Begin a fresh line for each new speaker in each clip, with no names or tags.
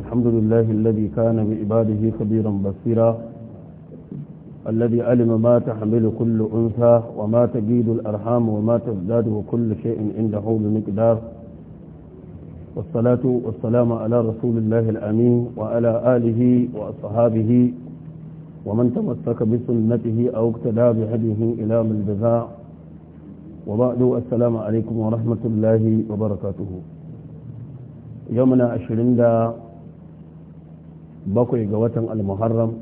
الحمد لله الذي كان بعباده خبيرا بصيرا الذي علم ما تحمل كل أنثى وما تجيد الأرحام وما تزداد وكل شيء عنده بمقدار والصلاة والسلام على رسول الله الأمين وعلى آله وأصحابه ومن تمسك بسنته أو اقتدى بهديه إلى من الجزاء وبعد السلام عليكم ورحمة الله وبركاته يومنا 20 bakwai ga watan almuharram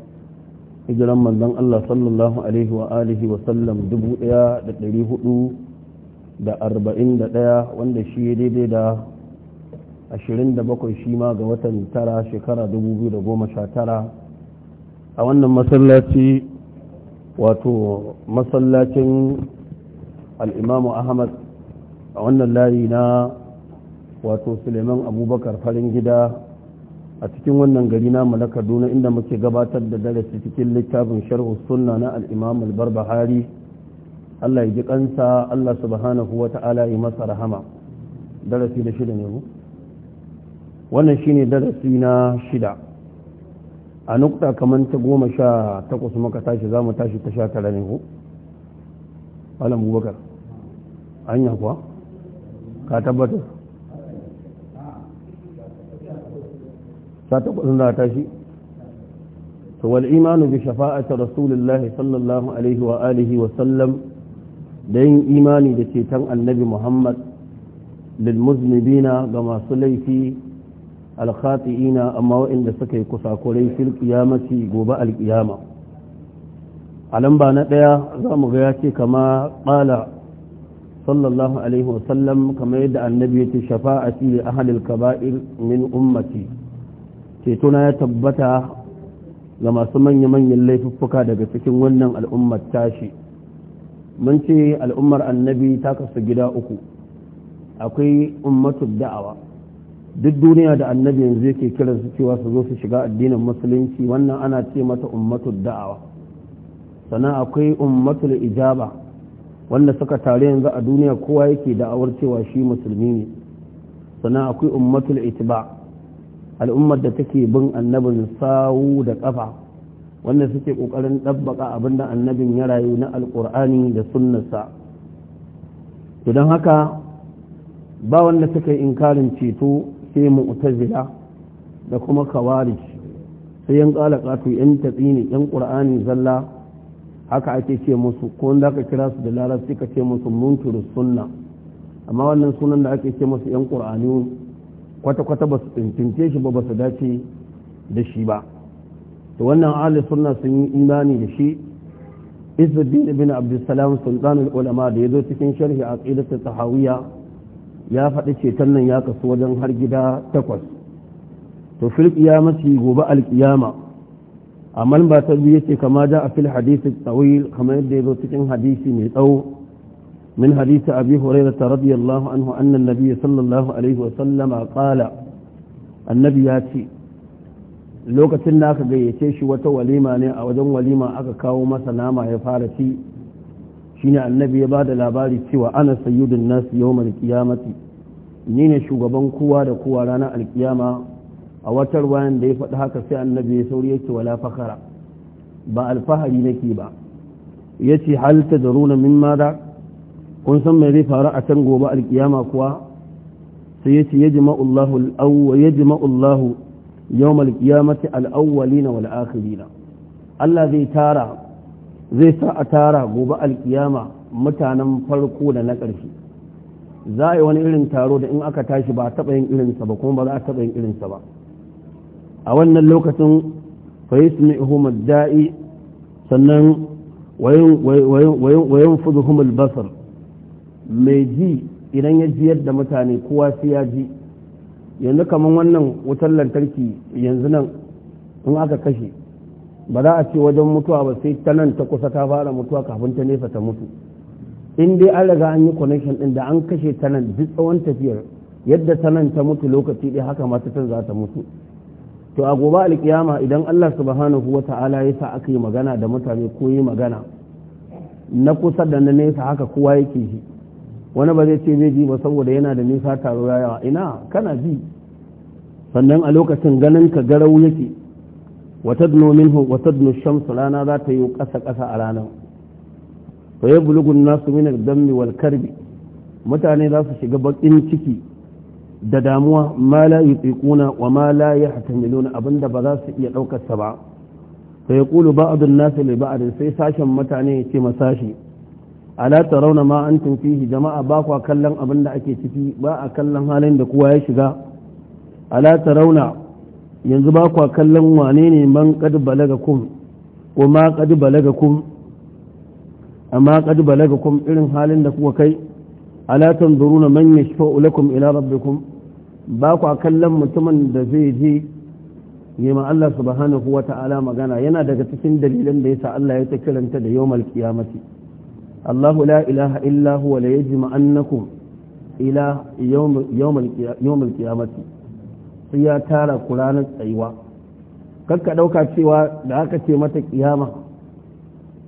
hijiran manzon Allah sallallahu alaihi wa alihi wa sallam 1441 wanda shi ya daidai da 27 shi ma ga watan tara shekara 2019 a wannan masallaci wato masallacin al'imamu ahmad a wannan layi na wato suleiman abubakar farin gida a cikin wannan gari namu na kaduna inda muke gabatar da darasi cikin littafin sharhu sunna na al'imam al-barbahari allah ya ji kansa allah subhanahu wa ta'ala ya masa rahama darasi da shida ne mu wannan shine darasi na shida a nukta kamar ta goma sha takwas muka tashi za mu tashi ta sha tara ne ku alam bubakar anya kuwa ka tabbatar sha takwas za ta shi to wal imanu bi shafa'ati rasulillahi sallallahu alaihi wa alihi wa sallam da yin imani da ceton annabi muhammad lil muznibina ga masu laifi alkhati'ina amma waɗanda suka yi kusakurai fil qiyamati gobe alqiyama a lamba na ɗaya za mu ga ya ce kama ƙala sallallahu alaihi wasallam kamar yadda annabi ya ce shafa'ati li ahlil kaba'ir min ummati cetona ya tabbata ga masu manya-manyan laifuffuka daga cikin wannan al'ummar tashi mun ce al'ummar annabi ta kasu gida uku akwai ummatu da'awa duk duniya da annabi yanzu yake kiran su cewa su zo su shiga addinin musulunci wannan ana ce mata ummatu da'awa sannan akwai ummatul ijaba wanda suka tare yanzu a duniya kowa yake da'awar cewa shi musulmi ne sannan akwai ummatul itiba' al'ummar da take bin annabin sawu da kafa wanda suke kokarin abin da annabin ya rayu na alkur'ani da sunnarsa to don haka ba wanda suka yi inkarin ceto sai mu'tazila da kuma kawarij sai yan kalakatu yan tatsini yan qur'ani zalla haka ake ce musu ko wanda aka kira su da larabci ka ce musu munkiru sunna amma wannan sunan da ake ce musu yan qur'ani kwata-kwata ba su tsintince shi ba ba su dace da shi ba to wannan ahli sunna sun yi imani da shi izuddin ibn abdulsalam sultanul ulama da ya zo cikin sharhi a tsilata tahawiyya ya faɗi ceton nan ya kasu wajen har gida takwas to fil qiyamati gobe alqiyama amma ba ta biyu yace kama da a fil hadisi tsawil kamar yadda ya zo cikin hadisi mai tsawo من حديث أبي هريرة رضي الله عنه أن النبي صلى الله عليه وسلم قال النبي ياتي lokacin da aka gayyace shi wata walima ne a wajen walima aka kawo masa nama ya fara ci shine annabi ya bada labari cewa ana sayyidun nasu yawmal qiyamati ni ne shugaban kowa da kowa ranar alkiyama a watar wayan da ya faɗi haka sai annabi ya sauri yake wala fakara ba alfahari nake ba yace hal tadruna mimma da kun san mai zai faru a can gobe alkiyama kuwa sai ya ce ya jima Allahu yau malkiyamati al'awwalina wal akhirina Allah zai tara zai sa a tara gobe alkiyama mutanen farko da na ƙarshe za a yi wani irin taro da in aka tashi ba a taɓa yin irinsa ba kuma ba za a taɓa yin irinsa ba a wannan lokacin fayismi ihumar da'i sannan wayan fuzuhumul basar mai ji idan ya ji yadda mutane kowa sai ya ji yanzu kamar wannan wutar lantarki yanzu nan in aka kashe ba za a ce wajen mutuwa ba sai ta nan ta kusa ta fara mutuwa kafin ta nesa ta mutu in dai an riga an yi connection din da an kashe ta nan duk tsawon tafiyar yadda ta nan ta mutu lokaci ɗaya haka ma ta za ta mutu to a gobe alkiyama idan Allah subhanahu wa ta'ala ya sa aka yi magana da mutane ko yi magana na kusa da na nesa haka kowa yake shi wani ba zai ce zai ji ba saboda yana da nisa taro yawa ina kana ji sannan a lokacin ganin ka garau yake watadnu minhu watadnu shamsu rana za ta yi ƙasa ƙasa a ranar fa ya bulugun nasu minar dammi wal karbi mutane za su shiga baƙin ciki da damuwa ma la yutiquna wa ma la yahtamiluna abinda ba za su iya ɗaukar sa ba fa yaqulu ba'd an-nas li ba'd sai sashen mutane ya ce masashi ala tarawna ma antum fihi jama'a ba kwa kallon abin da ake ciki ba a kallon halin da kowa ya shiga ala tarawna yanzu ba kwa kallon wane ne man qad balagakum ko ma qad balagakum amma qad balagakum irin halin da kuka kai ala tanzuruna man yashfa'u lakum ila rabbikum ba kwa kallon mutumin da zai je yi ma Allah subhanahu wata'ala magana yana daga cikin dalilan da yasa Allah ya ta kiranta da yawmal qiyamati Allahu la ilaha illa huwa la yajma ila yawmal qiyamati sai ya tara ku ranar tsayuwa kakka dauka cewa da aka ce mata kiyama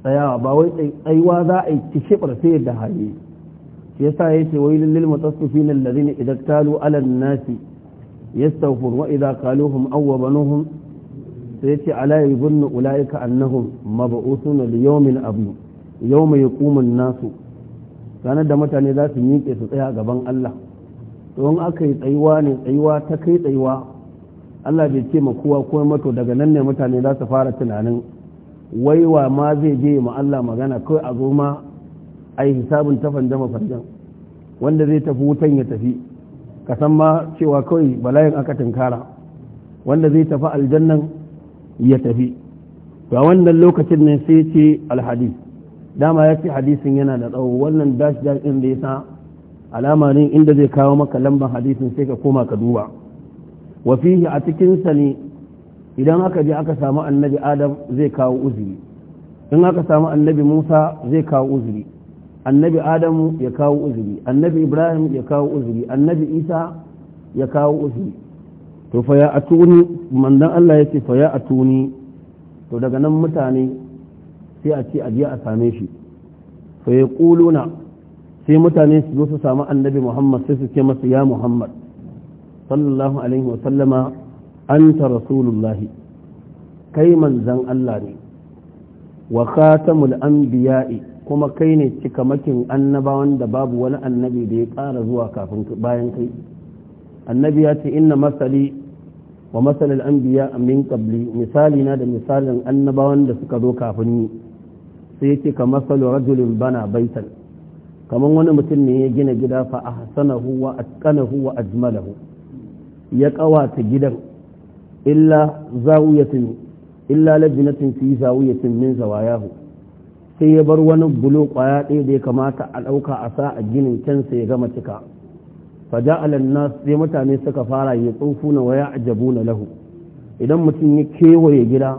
tsayawa ba wai tsayuwa za a yi kishibar sai da hali shi yasa yace wailul lil mutaffifin alladhina idza talu ala an-nasi yastawfun wa idza qaluhum aw wabanuhum sai yace ala yadhunnu ulaika annahum mab'uthuna li yawmin abu. yau mai kumin nasu ranar da mutane za su miƙe su tsaya gaban Allah to in aka yi tsayuwa ne tsayuwa ta kai tsayuwa Allah bai ce ma kowa ko mato daga nan ne mutane za su fara tunanin waiwa ma zai je ma Allah magana kai a zo ma a yi hisabin tafan jama mafarjan wanda zai tafi wutan ya tafi ka ma cewa kawai bala'in aka tunkara wanda zai tafi aljannan ya tafi ga wannan lokacin ne sai ce alhadis dama ya ce hadisin yana da tsawo wannan dash dash ɗin da ya sa alama ne inda zai kawo maka lambar hadisin sai ka koma ka duba wa fihi a cikinsa ne idan aka je aka samu annabi adam zai kawo uzuri in aka samu annabi musa zai kawo uzuri annabi adamu ya kawo uzuri annabi ibrahim ya kawo uzuri annabi isa ya kawo uzuri to fa ya atuni manzon allah ya ce fa ya atuni to daga nan mutane sai a ce a a same shi fa yaquluna sai mutane su zo su samu annabi Muhammad sai su ce masa ya Muhammad sallallahu alaihi wa sallama anta rasulullahi kai manzan Allah ne wa khatamul anbiya'i kuma kai ne cikamakin annabawan da babu wani annabi da ya ƙara zuwa kafin bayan kai annabi ya ce inna masali wa biya a min qabli misali na da misalin annabawan da suka zo kafin ni sai yake kamar masalu rajulin bana baitan kamar wani mutum ne ya gina gida fa ahsanahu huwa atqanahu wa ajmalahu ya kawata gidan illa zawiyatin illa lajnatin fi zawiyatin min zawayahu sai ya bar wani bulo kwaya ɗaya da ya kamata a ɗauka a sa a ginin sai ya gama cika fa ja'ala nas sai mutane suka fara ya tsofuna wa na lahu idan mutum ya kewaye gida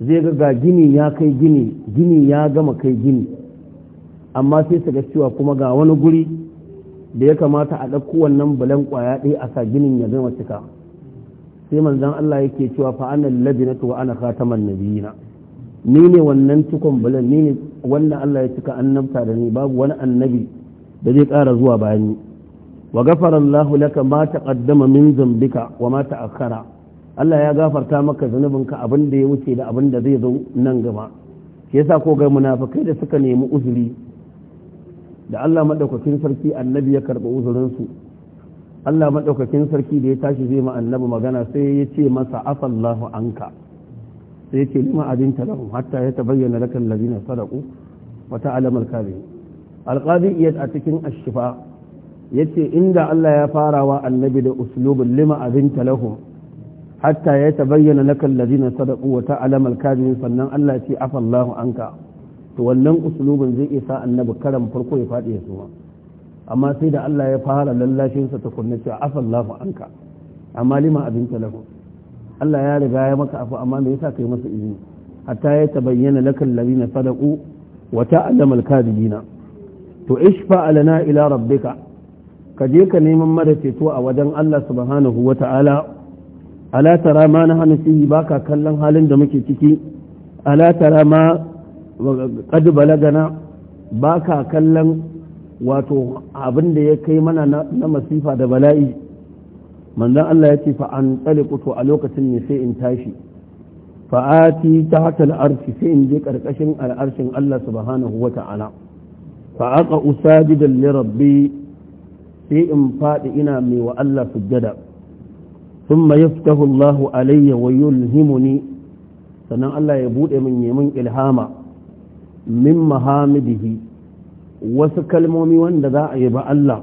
zai ga ga gini ya kai gini gini ya gama kai gini amma sai su ga cewa kuma ga wani guri da ya kamata a ɗauko wannan bulan kwaya ɗaya a sa ginin ya gama cika sai manzon Allah yake cewa fa ana labinatu wa ana khataman nabiyina ni ne wannan cikon balan ni ne wanda Allah ya cika annabta da ni babu wani annabi da zai ƙara zuwa bayan ni wa ghafara Allah laka ma taqaddama min zambika wa ma ta'akhkhara Allah ya gafarta maka zunubinka abin da ya wuce da abin da zai zo nan gaba ke sa ko ga munafikai da suka nemi uzuri da Allah maɗaukakin sarki annabi ya karɓi uzurinsu Allah maɗaukakin sarki da ya tashi zai ma annabi magana sai ya ce masa afallahu anka sai ya ce lima adinta lahum hatta ya tabayyana laka allazina sadaqu wa ta'lamu al-kadhib al-qadi iyad a cikin ashifa ya ce inda Allah ya farawa annabi da uslubul lima adinta lahum hatta ya ta bayyana laka alladhina na wa ta'lamu al-kadhibin sannan Allah ce afallahu anka to wannan usulubin zai isa annabi karan farko ya faɗi ya suma amma sai da Allah ya fara lallashin sa tukunna cewa afallahu anka amma lima abin ta lahu Allah ya riga ya maka afu amma me yasa kai masa izini hatta ya ta tabayyana laka alladhina sadaqu wa ta'lamu al-kadhibin to ishfa lana ila rabbika ka je ka neman mara ceto a wajen Allah subhanahu wa ta'ala ala tara na hana fihi baka kallon halin da muke ciki ala tara ma qad balagana baka kallon wato abin da ya kai mana na masifa da bala'i manzon Allah ya ce fa an kutu a lokacin ne sai in tashi fa'ati ta hata al'arshi sai in je ƙarƙashin al'arshin Allah subhanahu wa ta'ala fa'aƙa usajidan lirabbi sai in faɗi ina mai wa Allah sujjada ثم يفتح الله علي ويلهمني sannan Allah ya buɗe min neman ilhama min mahamidihi wasu kalmomi wanda za a yi ba Allah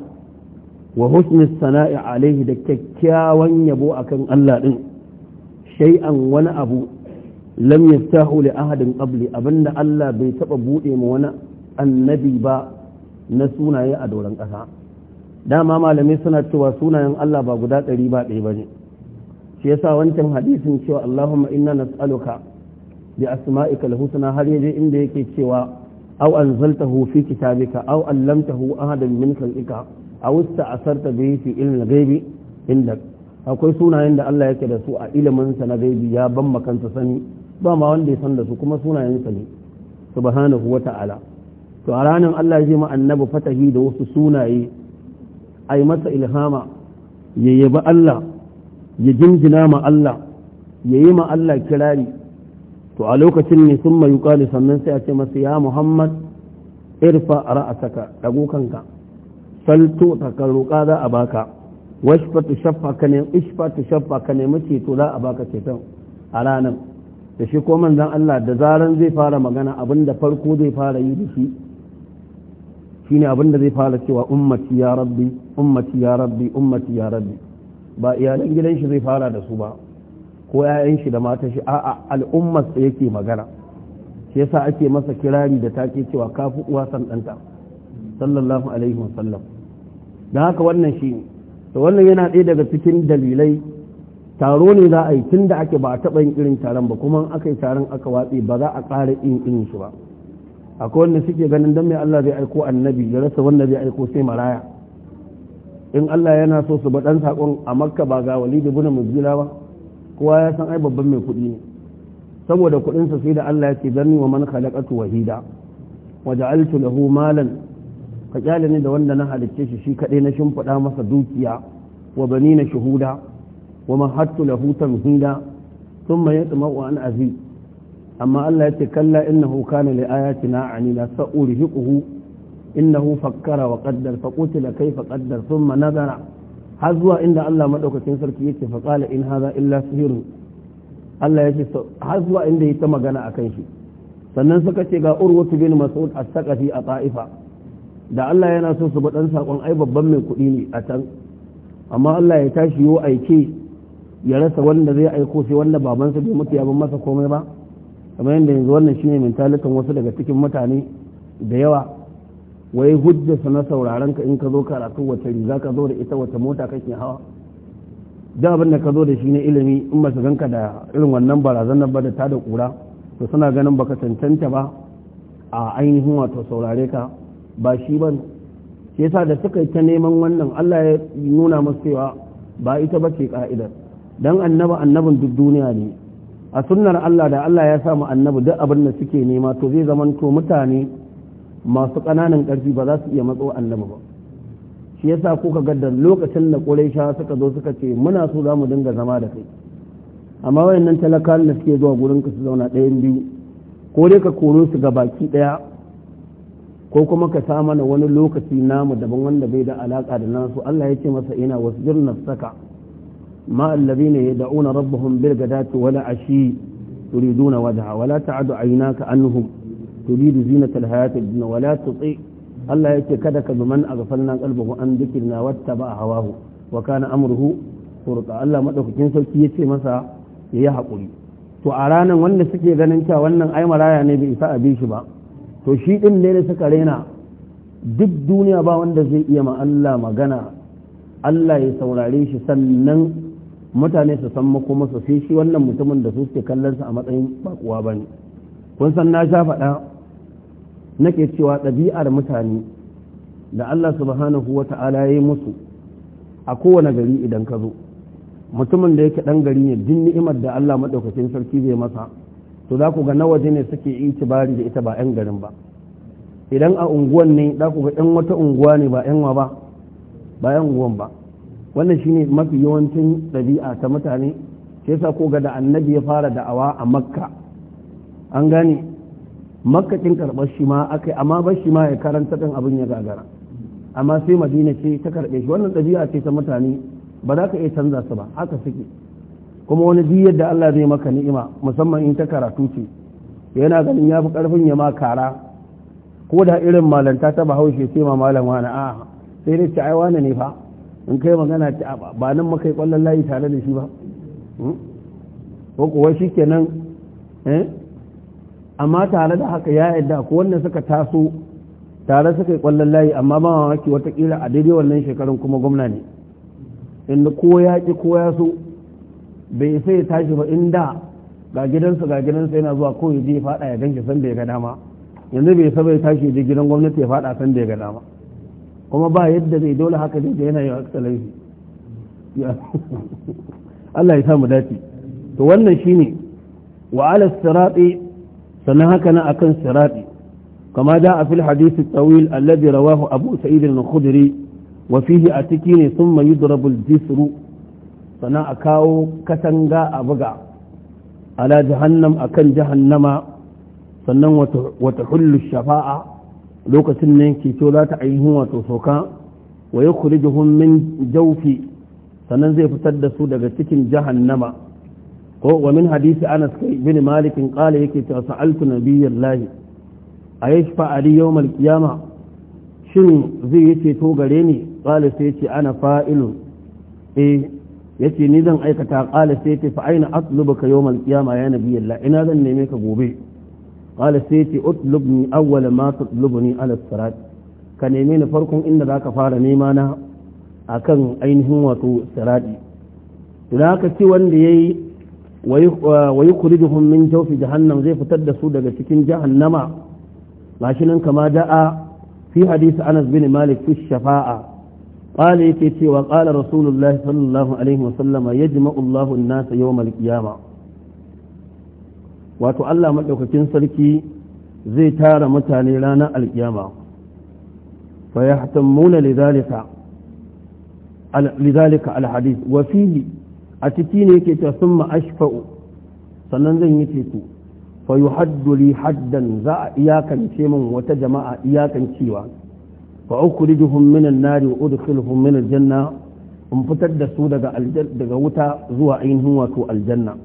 wa husni sana'i alaihi da kyakkyawan yabo akan Allah ɗin shay'an wani abu lam yastahu li ahadin qabli abinda Allah bai taɓa buɗe ma wani annabi ba na sunaye a doron ƙasa dama malamai suna cewa sunayen Allah ba guda ɗari ba ɗaya ba ne shi yasa wancan hadisin cewa Allahumma inna nas'aluka bi asma'ika al-husna har yaje inda yake cewa aw anzaltahu fi kitabika aw allamtahu ahadan min khalqika aw ista'sarta bihi fi ilmi al-ghaibi akwai sunayen da Allah yake da su a ilimin sa na gaibi ya ban makanta sani ba ma wanda ya san da su kuma sunayen sa ne subhanahu wata'ala to a ranar Allah zai ma annabi fatahi da wasu sunaye ai masa ilhama ya Allah ya jinjina ma Allah ya yi ma Allah kirari to a lokacin ne sun mai yuƙali sannan sai a ce masa ya muhammad irfa a ra'asaka ɗago kanka salto tota, ka roƙa za a baka washfa tu ka ne ishfa tu shaffa ka mace ceto za a baka ceton a ranar da shi ko manzon Allah da zaran zai fara magana abin da farko zai fara yi da shi shine abin da zai fara cewa ummati ya rabbi ummati ya rabbi ummati ya rabbi ba iyalan gidan shi zai fara da su ba ko 'ya'yan shi da mata shi a al'ummar sa yake magana shi yasa ake masa kirari da take cewa kafi uwa san danta sallallahu alaihi wasallam dan haka wannan shi to wannan yana ɗaya daga cikin dalilai taro ne za a yi tunda ake ba a taɓa yin irin taron ba kuma aka yi taron aka watsi ba za a ƙara yin irin shi ba akwai wanda suke ganin dan mai Allah zai aiko annabi ya rasa wanda zai aiko sai maraya in Allah yana so su baɗan saƙon a makka ba ga wali da bunan muzgila ba kowa ya san ai babban mai kuɗi ne saboda kuɗinsa sai da Allah ya ce zanni wa man khalaqatu wahida wa ja'altu lahu malan ka kyale ni da wanda na halicce shi shi kaɗai na shimfiɗa masa dukiya wa banina shuhuda wa mahattu lahu tamhida thumma yatma'u an azi amma Allah ya ce kalla innahu kana li ayatina anina sa'urhiquhu innahu fakkara wa qaddar fa qutila kayfa qaddar thumma nazara har zuwa inda Allah madaukakin sarki yake fa qala in hadha illa sihrun Allah yake har zuwa inda yake magana akan shi sannan suka ce ga urwatu bin mas'ud as-saqafi a ta'ifa da Allah yana so su ba dan sakon ai babban mai kuɗi ne a can amma Allah ya tashi yo aiki ya rasa wanda zai aiko sai wanda babansa bai mutu ya ba masa komai ba kamar yadda yanzu wannan shine mentalitin wasu daga cikin mutane da yawa wai hujjarsa na sauraron ka in ka zo karatu wata riga ka zo da ita wata mota kake hawa da abin da ka zo da shi ne ilimi in ba su ganka da irin wannan barazanar ba da ta da kura to suna ganin baka cancanta ba a ainihin wato saurare ka ba shi ba Ke sa da suka yi ta neman wannan Allah ya nuna masu cewa ba ita ba ce ka'idar dan annaba annabin duk duniya ne a sunnar Allah da Allah ya sa mu annabi duk abin da suke nema to zai zamanto mutane masu ƙananan ƙarfi ba za su iya matso annabi ba shi yasa kuka ga da lokacin da ƙuraisha suka zo suka ce muna so za mu dinga zama da kai amma wayannan talakawan da suke zuwa gurin ka su zauna ɗayan biyu ko dai ka koro su ga baki ɗaya ko kuma ka sa mana wani lokaci namu daban wanda bai da alaka da nasu Allah ya ce masa ina wasu wasjir saka ma allazina yad'una rabbahum bil ghadati wala ashi turiduna wajha wala ina aynaka anhum تريد زينة الحياة الدنيا ولا تطيع الله يكي كدك بمن أغفلنا قلبه عن ذكرنا واتبع هواه وكان أمره فرطا الله مدوك جنسا كي يتي مسا يحقل to a ranar wanda suke ganin cewa wannan ai maraya ne bai isa a shi ba to shi din ne da suka rena duk duniya ba wanda zai iya ma Allah ya saurare shi sannan mutane su san makomarsa shi wannan mutumin da su suke kallon sa a matsayin bakuwa ba ne kun san na sha faɗa nake cewa ɗabi'ar mutane da Allah subhanahu wa ta'ala ya yi musu a kowane gari idan ka zo mutumin da yake ɗan gari ne jin ni'imar da Allah maɗaukacin sarki zai masa to za ku ga na waje ne suke yi bari da ita ba 'yan garin ba idan a unguwan ne za ku ga 'yan wata unguwa ne ba 'yan wa ba ba 'yan unguwan ba wannan shine mafi yawancin ɗabi'a ta mutane sai sa ko ga da annabi ya fara da'awa a makka an gane makakin karɓar shi ma aka amma bar shi ma ya karanta ɗin abin ya gagara amma sai madina ce ta karɓe shi wannan ɗabi'a ce ta mutane ba za ka iya canza su ba haka suke kuma wani duk yadda Allah zai maka ni'ima musamman in ta karatu ce yana ganin ya fi ƙarfin ya ma kara ko da irin malanta ta bahaushe sai ma malam wani a sai dai ci aiwa ne fa in kai magana ta ba nan maka yi ƙwallon layi tare da shi ba hmm? ko kuwa shi kenan eh? amma tare da haka ya yadda ko wannan suka taso tare suka yi kwallon layi amma ba mamaki watakila a daidai wannan shekarun kuma gwamna ne inda ko ya ki ko ya so bai sai ya tashi ba inda ga gidansa ga gidansa yana zuwa ko ya je faɗa ya ganke san bai ga dama yanzu bai saba ya tashi ya je gidan gwamnati ya faɗa san bai ga dama kuma ba yadda zai dole haka zai da yana yi excellency Allah ya samu dace to wannan shine wa ala sirati sannan haka nan akan sirati kama da a fil hadisi tawil alladhi rawahu abu sa'id al-khudri wa fihi sun thumma yudrabu al-jisru sannan a kawo katanga a buga ala jahannam akan jahannama sannan wata hullu shafa'a lokacin nan ceto za ta ainihin wato soka wa yukhrijuhum min jawfi sannan zai fitar da su daga cikin jahannama ko wa min hadisi anas kai bin malik qala yake ta sa'altu nabiyallahi ayashfa ali yawmal qiyama shin zai yace to gare ni qala sai yace ana fa'ilun eh yace ni zan aikata qala sai yace fa aina ka yawmal qiyama ya lahi. ina zan neme ka gobe qala sai yace utlubni awwala ma tutlubni ala sirat ka neme ni farkon inda zaka fara nema na akan ainihin wato sirati idan ka ci wanda ya yi. wa yukhrijuhum uh, min jawfi jahannam zai fitar da su daga cikin jahannama gashi nan kama da'a fi hadisi Anas bin Malik fi shafa'a qala yake cewa qala rasulullahi sallallahu alaihi wasallam yajma'u Allahu an-nas yawm al wato Allah madaukakin sarki zai tara mutane ranar alkiyama fa ya lidhalika muna al alhadis wa fihi a ciki ne yake ta summa ashfa'u sannan zan yi teku fa yuhaddu li haddan za a iyakance min wata jama'a iyakancewa fa ukhrijuhum min an-nari wa udkhiluhum min janna in fitar da su daga wuta zuwa ainihin wato aljanna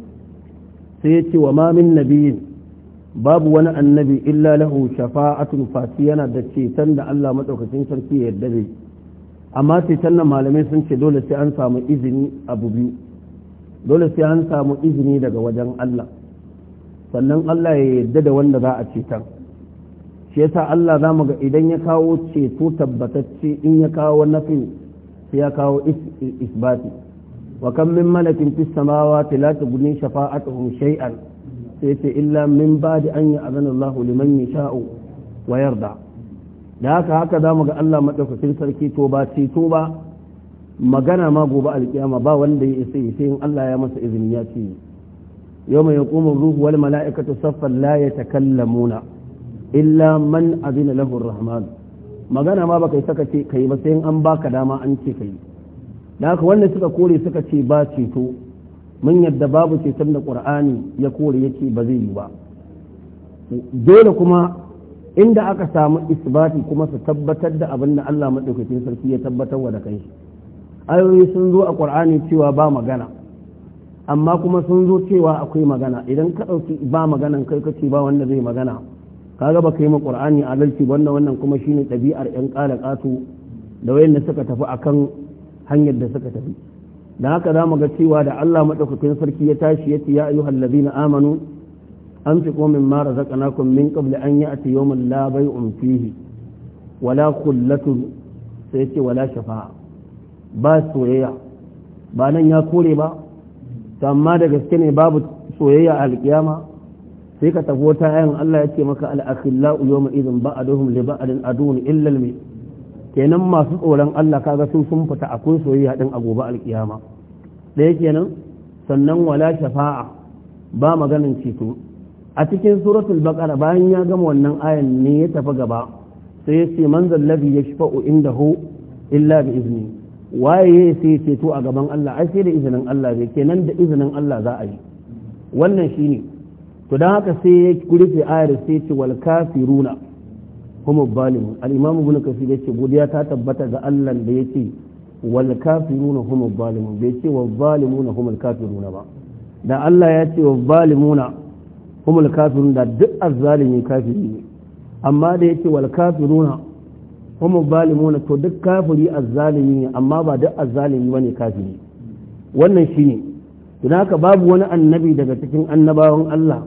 sai ya ce wa ma min nabiyin babu wani annabi illa lahu shafa'atun fati yana da ceton da Allah maɗaukacin sarki ya yarda da amma cetan nan malamai sun ce dole sai an samu izini abu biyu dole sai an samu izini daga wajen Allah sannan Allah ya yarda da wanda za a cetar shi yasa Allah za mu ga idan ya kawo ceto tabbatacce in ya kawo nafi sai ya kawo isbati wa kan min malakin fis samawati la tughni shafa'atuhum shay'an sai ce illa min ba'di an ya'zana Allahu liman yasha'u wa yarda da haka haka za mu ga Allah madaukakin sarki to ba ceto ba magana ma gobe alkiyama ba wanda ya isa sai in Allah ya masa izini ya ce yawma yaqumu ruhu wal mala'ikatu saffan la yatakallamuna illa man azina lahu rahman magana ma baka saka ce kai ba sai in an baka dama an ce kai da haka wanda suka kore suka ce ba ceto mun yadda babu ceton da qur'ani ya kore yake ba zai yi ba dole kuma inda aka samu isbati kuma su tabbatar da abinda da Allah madaukakin sarki ya tabbatar wa da kai ayoyi sun zo a ƙwar'ani cewa ba magana amma kuma sun zo cewa akwai magana idan ka ɗauki ba maganan kai ka ce ba wanda zai magana ka ka kai ma ƙur'ani adalci wannan wannan kuma shi ne ɗabi'ar ƴan ƙala ƙato da wayanda suka tafi akan hanyar da suka tafi da haka za mu ga cewa da Allah maɗaukakin sarki ya tashi ya ce ya ayyuhal ladina amanu anfiqu mimma razaqnakum min qabli an ya'ti yawmin la bay'un fihi wala khullatun sai ce wala shafa'a ba soyayya ba nan ya kore ba amma da gaske ne babu soyayya a alkiyama sai ka tafi wata ayan Allah ya ce maka al'akhillau yawma idin ba'aduhum li ba'adin adun illa al kenan masu tsoron Allah kaga sun sun fita akwai soyayya din a gobe alkiyama ɗaya kenan sannan wala shafa'a ba maganin ceto a cikin suratul baqara bayan ya gama wannan ayan ne ya tafi gaba sai ya ce man zallabi yashfa'u indahu illa bi izni waye sai ceto a gaban Allah ai sai da izinin Allah zai kenan da izinin Allah za a yi wannan shine to dan haka sai ya rufe ayar sai ce wal kafiruna hum zalimun al imam ibn kasir yace godiya ta tabbata ga Allah da yace wal kafiruna hum zalimun bai ce wal zalimuna hum al kafiruna ba da Allah ya ce wal zalimuna hum al kafiruna da duk azzalimi kafiri ne amma da yace wal kafiruna kuma zalimuna to duk kafiri zalimi ne amma ba duk azzalimi bane kafiri wannan shine don haka babu wani annabi daga cikin annabawan Allah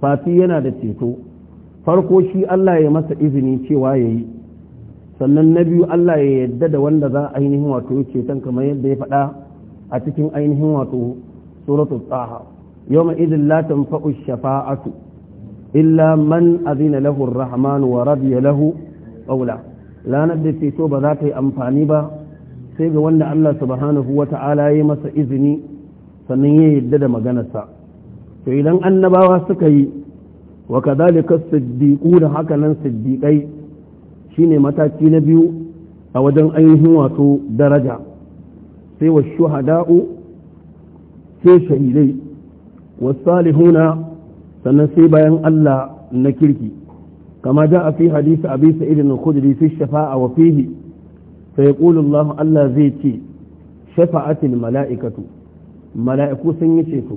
fati yana da ceto farko shi Allah ya masa izini cewa ya yi sannan na biyu Allah ya yadda da wanda za ainihin wato ceton kamar yadda ya faɗa a cikin ainihin wato suratul tsaha yawma idin la tanfa'u shafa'atu illa man azina lahu ar wa radiya lahu ƙaula ranar da ceto ba za ta yi amfani ba sai ga wanda Allah subhanahu wa ta'ala ya yi masa izini sannan ya yadda da maganarsa to idan annabawa suka yi wa kadhalika siddiqu da haka nan siddiqai shine mataki na biyu a wajen ainihin wato daraja sai wa shuhada'u sai shahidai wa salihuna sannan sai bayan Allah na kirki كما جاء في حديث أبي سعيد الخدري في الشفاعة وفيه فيقول الله الله زيتي شفعت الملائكة ملائكة سنيتيتو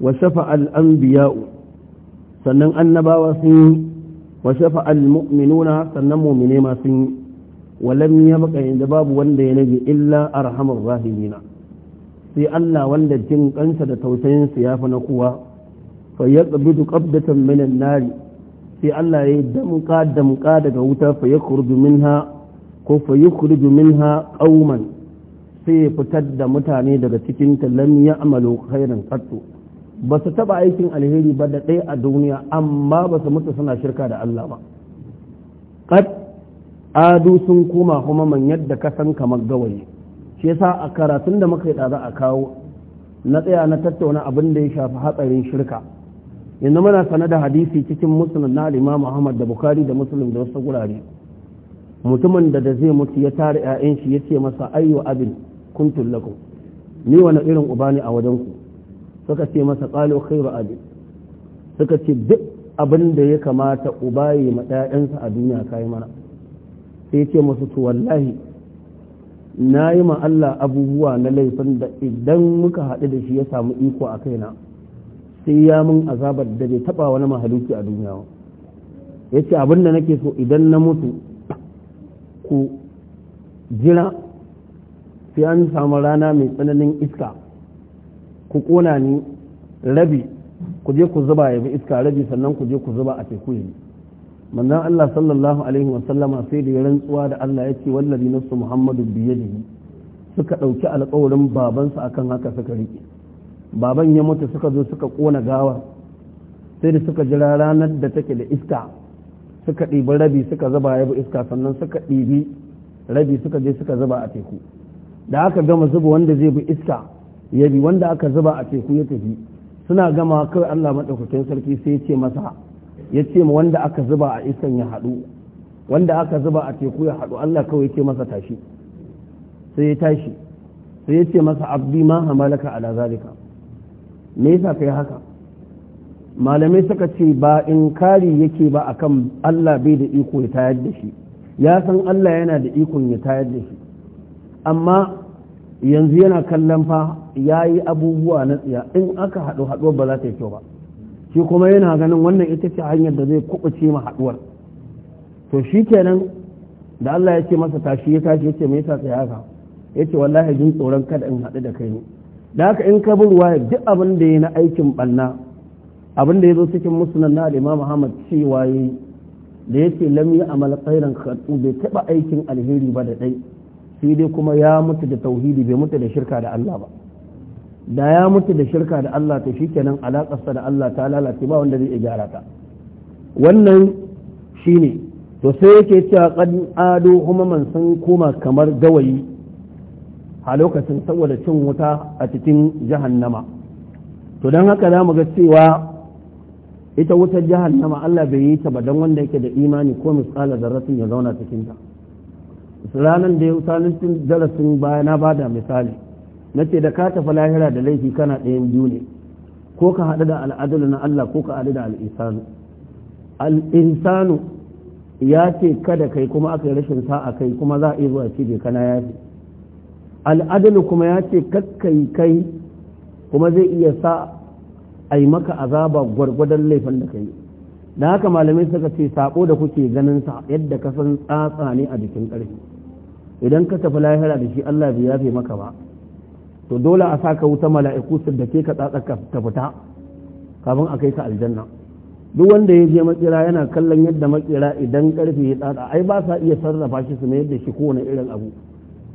وشفع الأنبياء sannan annabawa sun yi wa shafa almu'minuna sannan mu'mine sun yi walam ya baka babu wanda ya nage illa arhamar rahimina sai Allah wanda jin kansa da tausayin sa na kowa fa yaqbidu minan nari sai Allah ya damka damka daga wuta fa ya minha ko fa yukhriju minha sai ya fitar da mutane daga cikin ta ya ya'malu khairan qattu ba su taba aikin alheri ba da ɗaya a duniya amma ba su mutu suna shirka da Allah ba qad adu sun koma kuma man yadda ka san kamar gawayi shi yasa a karatun da muka yi da za a kawo na tsaya na tattauna abin da ya shafi hatsarin shirka yanzu muna sana da hadisi cikin musulun na alima ahmad da bukari da musulun da wasu gurare mutumin da da zai mutu ya tara 'ya'yan shi ya ce masa ayyu abin kuntun lakum ni wani irin uba ne a wajen ku suka ce masa qalu khairu abin suka ce duk abin da ya kamata uba ya ma a duniya kai mana sai ce musu to wallahi na yi ma Allah abubuwa na laifin da idan muka haɗu da shi ya samu iko a kaina sai ya mun azabar da bai taba wani mahaluki a duniya ba yace abin da nake so idan na mutu ku jira sai an samu rana mai tsananin iska ku kona ni rabi ku je ku zuba ya bi iska rabi sannan ku je ku zuba a teku yi manzan Allah sallallahu alaihi wasallama sai da ya rantsuwa da Allah ya ce wallazi nasu muhammadu biyadihi suka ɗauki alƙawarin babansa akan haka suka riƙe baban ya mutu suka zo suka kona gawa sai da suka jira ranar da take da iska suka ɗibi rabi suka zuba ya iska sannan suka ɗibi rabi suka je suka zuba a teku da aka gama zuba wanda zai bi iska ya bi wanda aka zuba a teku ya tafi suna gama kawai allah maɗaukakin sarki sai ya ce masa ya ce ma wanda aka zuba a iskan ya haɗu wanda aka zuba a teku ya haɗu allah kawai ya ce masa tashi sai ya tashi sai ya ce masa abdi ma hamalaka ala zalika me yasa kai haka malamai suka ce ba in kari yake ba akan Allah bai da iko ya tayar da shi ya san Allah yana da ikon ya tayar da shi amma yanzu yana kallon fa ya yi abubuwa na tsiya in aka haɗu haɗuwar ba za ta yi kyau ba shi kuma yana ganin wannan ita ce hanyar da zai kubuce ma haɗuwar to shi kenan da Allah ya ce masa tashi ya tashi ya ce me yasa sai haka yace ce wallahi jin tsoron kada in haɗu da kai ne da haka in ka ruwa duk abin da ya na aikin banna abin da ya zo cikin musulun na al'imam muhammad cewa yi da yake lam yi amal khairan khatu bai taba aikin alheri ba da dai sai dai kuma ya mutu da tauhidi bai mutu da shirka da Allah ba da ya mutu da shirka da Allah ta to shikenan alakarsa da Allah ta lalace ba wanda zai gyara ta wannan shine to sai yake cewa qad ado kuma man sun koma kamar gawayi a lokacin saboda cin wuta a cikin jahannama to don haka za mu ga cewa ita wutar jahannama Allah bai yi ta ba don wanda yake da imani ko da rasin ya zauna cikin ta ranar da ya cikin darasin baya na bada misali na ce da ka tafi lahira da laifi kana ɗayan biyu ne ko ka haɗu da al'adul na Allah ko ka haɗu da al'isanu al'insanu ya ce kada kai kuma aka yi rashin sa'a kai kuma za a iya zuwa ce kana yafi al'adalu kuma ya ce kakkai kai kuma zai iya sa a yi maka azaba gwargwadon laifin da kai da haka malamai suka ce sako da kuke ganin sa yadda ka san tsatsa ne a jikin ƙarfi idan ka tafi lahira da shi Allah bai yafe maka ba to dole a sa ka wuta mala'iku su da ke ka tsatsa ka ta fita kafin a kai ka aljanna duk wanda ya je makera yana kallon yadda makera idan ƙarfe ya tsatsa ai ba sa iya sarrafa shi su mayar da shi kowane irin abu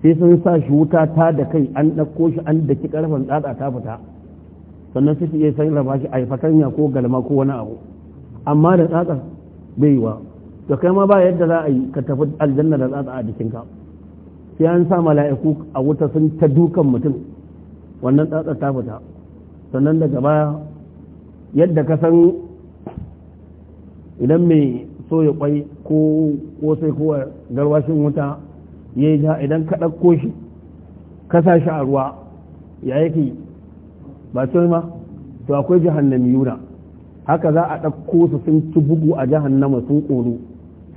sai sun sa shi wuta ta da kai an ɗauko shi an da ki ƙarfin tsatsa ta fita sannan suke iya sarrafa shi a fatanya ko galma ko wani abu amma da tsatsa bai yi wa to kai ma ba yadda za a yi ka tafi aljanna da tsatsa a jikinka sai an sa mala'iku a wuta sun ta dukan mutum wannan tsatsa ta fita sannan daga baya yadda ka san idan mai so ya kwai ko sai ko garwashin wuta ya ja idan ka ɗauko shi ka sa shi a ruwa ya yake ba sai ma to akwai jihannan yuna haka za a ɗauko su sun ci bugu a jahannama sun ƙoro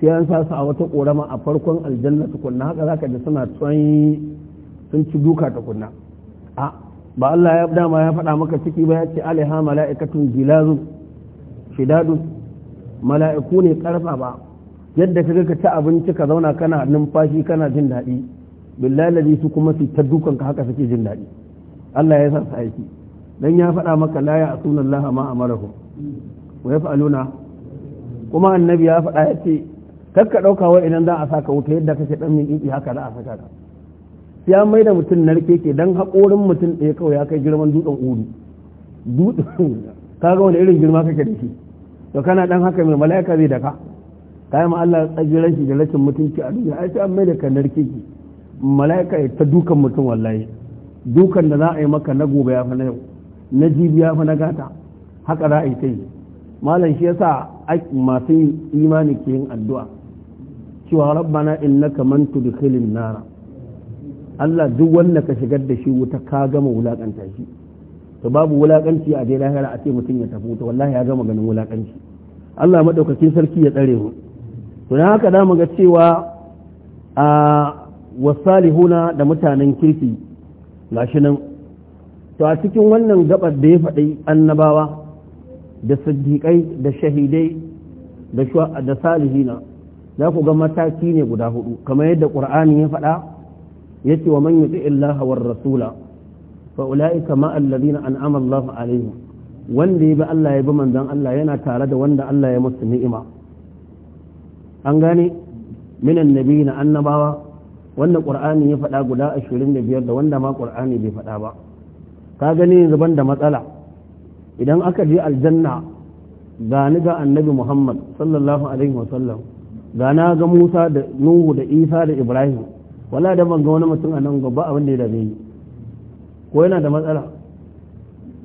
sai an sa su a wata ƙorama a farkon aljanna tukunna haka za ka ji suna tsoyi sun ci duka tukunna a ba Allah ya dama ya faɗa maka ciki ba ya ce alaiha mala'ikatun gilazu shidadu mala'iku ne ƙarfa ba yadda ka ka ci abinci ka zauna kana numfashi kana jin daɗi billahi su kuma su ta dukan ka haka suke jin daɗi Allah ya sa su aiki dan ya faɗa maka la ya'tuna Allah ma amarahum wa yaf'aluna kuma annabi ya faɗa ya ce ka ɗauka wa idan za a saka wuta yadda kake dan min ƙiƙi haka za a saka ka sai an mai da mutum narke ke dan haƙorin mutum ɗaya kawai ya kai girman dutsen uru dutsen kaga wani irin girma kake da shi to kana dan haka mai mala'ika zai daka kayan Allah tsagiran shi da rashin mutunci a duniya ai sai an mai da kanar kiki mala'ika ta dukan mutum wallahi dukan da za a yi maka na gobe ya fa na yau na jibi ya fa na gata haka za a yi ta yi malam shi yasa masu imani ke yin addu'a cewa rabbana innaka man tudkhilin nara Allah duk wanda ka shigar da shi wuta ka gama wulakanta shi to babu wulakanci a dai lahira a ce mutum ya tafi wuta wallahi ya gama ganin wulakanci Allah madaukakin sarki ya tsare mu tuna haka za mu ga cewa a wasalihuna da mutanen kirki gashi nan to a cikin wannan gabar da ya faɗi annabawa da siddiƙai da shahidai da salihina za ku ga mataki ne guda hudu kamar yadda ƙur'ani ya faɗa ya ce wa man yuti illaha war rasula fa ulaika ma alladhina an'ama Allahu wanda ya bi Allah ya bi manzon Allah yana tare da wanda Allah ya musu ni'ima an gane minan nabi na annabawa wanda ƙur'ani ya faɗa guda ashirin da biyar da wanda ma ƙur'ani bai faɗa ba ka gani yanzu ban da matsala idan aka je aljanna ga ni ga annabi muhammad sallallahu alaihi wasallam ga na ga musa da nuhu da isa da ibrahim wala da ban ga wani mutum a nan gaba abin da ya dame ko yana da matsala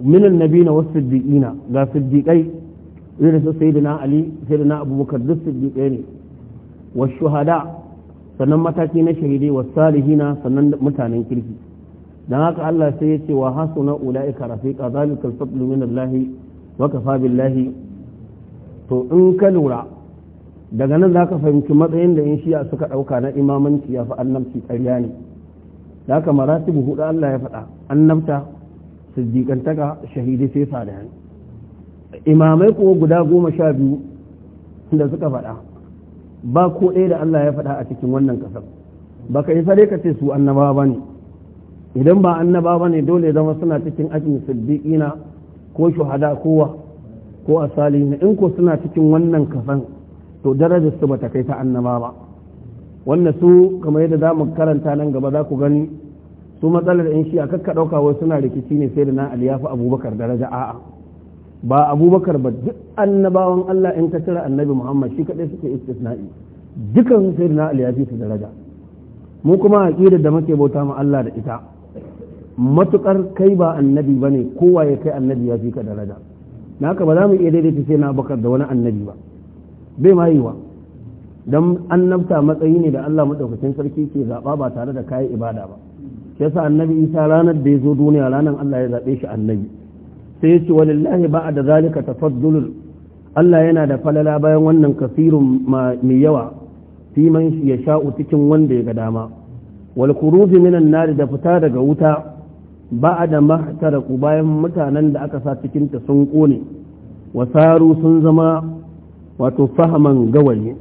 minan nabi na wasu siddiƙina ga siddiƙai irin su sayyidina ali sayyidina abubakar duk siddiƙai ne wa shuhada sannan mataki na shahidai wa salihina sannan mutanen kirki dan haka Allah sai ya ce wa hasuna ulaika rafiqa zalika al-fadlu min Allah wa kafa billahi to in ka lura daga nan zaka fahimci matsayin da in shi'a suka dauka na imamanci ya fi annabci ƙarya ne da haka maratibu hudu Allah ya faɗa annabta siddiqantaka shahidai sai salihan imamai ko guda goma sha biyu da suka faɗa ba ko ɗaya da Allah ya faɗa a cikin wannan ƙasar ba ka yi sare ka ce su annaba ba ne idan ba annaba ba ne dole zama suna cikin ajin siddiƙina ko shuhada kowa ko asali in ko suna cikin wannan kasan to darajar su bata kai ta annaba ba Wannan su kamar yadda za mu karanta nan gaba za ku gani su matsalar in shi a kakka ɗauka wai suna rikici ne sai da na aliyafi abubakar daraja a'a ba abubakar ba duk annabawan Allah in ka annabi Muhammad shi kaɗai suke istisna'i dukan sai na Ali ya su daraja mu kuma aqidar da muke bauta ma Allah da ita matukar kai ba annabi bane kowa ya kai annabi ya fi ka daraja na haka ba za mu iya daidaita sai na bakar da wani annabi ba bai ma yiwa dan annabta matsayi ne da Allah madaukakin sarki ke zaba ba tare da kayan ibada ba shi yasa annabi Isa ranar da ya zo duniya ranar Allah ya zabe shi annabi sai ya ce walillahi ba da zalika tafaddulul Allah yana da falala bayan wannan kasirun mai yawa fi man ya sha'u cikin wanda ya ga dama wal khuruji minan nar da fita daga wuta ba da ku bayan mutanen da aka sa cikin ta sun kone wasaru sun zama wato fahaman gawali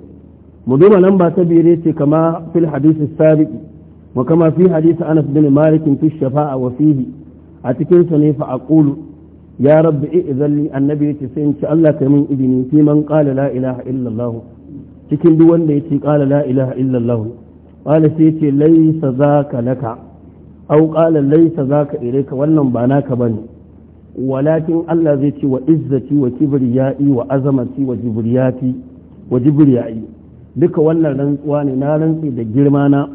mu duba lamba ta biyar ce kama fil hadisi sabiqi wa kama fi hadisi Anas bin Malik fi shafa'a wa fihi a cikin sa ne fa aqulu ya rabbi izalli annabi yace sai in ci Allah kai min idini fi man qala la ilaha illallah cikin duk wanda yace qala la ilaha illallah qala sai yace laysa zaka laka aw qala laysa zaka ilayka wannan ba ka bane walakin Allah zai ce wa izzati wa kibriyai wa azamati wa wa jibriyai duka wannan rantsuwa ne na rantsi da girma na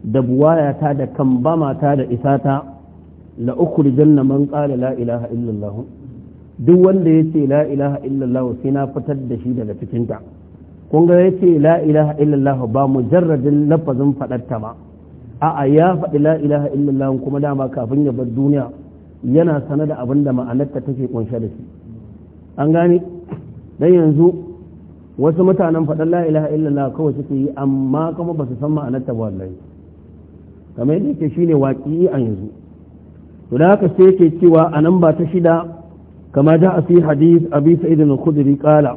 da buwayata da kambamata da isata la ukhrijanna man qala la ilaha illallah duk wanda yace la ilaha illallah sai na fitar da shi daga cikin ta kun ga yace la ilaha illallah ba mujarradin lafazin fadar ta ba a'a ya faɗi la ilaha illallah kuma dama kafin ya bar duniya yana sanar da abin da ma'anarta take kunshe da shi an gane dan yanzu wasu mutanen faɗin la ilaha illallah kawai suke yi amma kuma ba su san ma'anarta ba wallahi kamar yadda yake shine waƙi a yanzu to da haka sai yake cewa a nan ba ta shida kama da a fi hadis abi sa'id al-khudri qala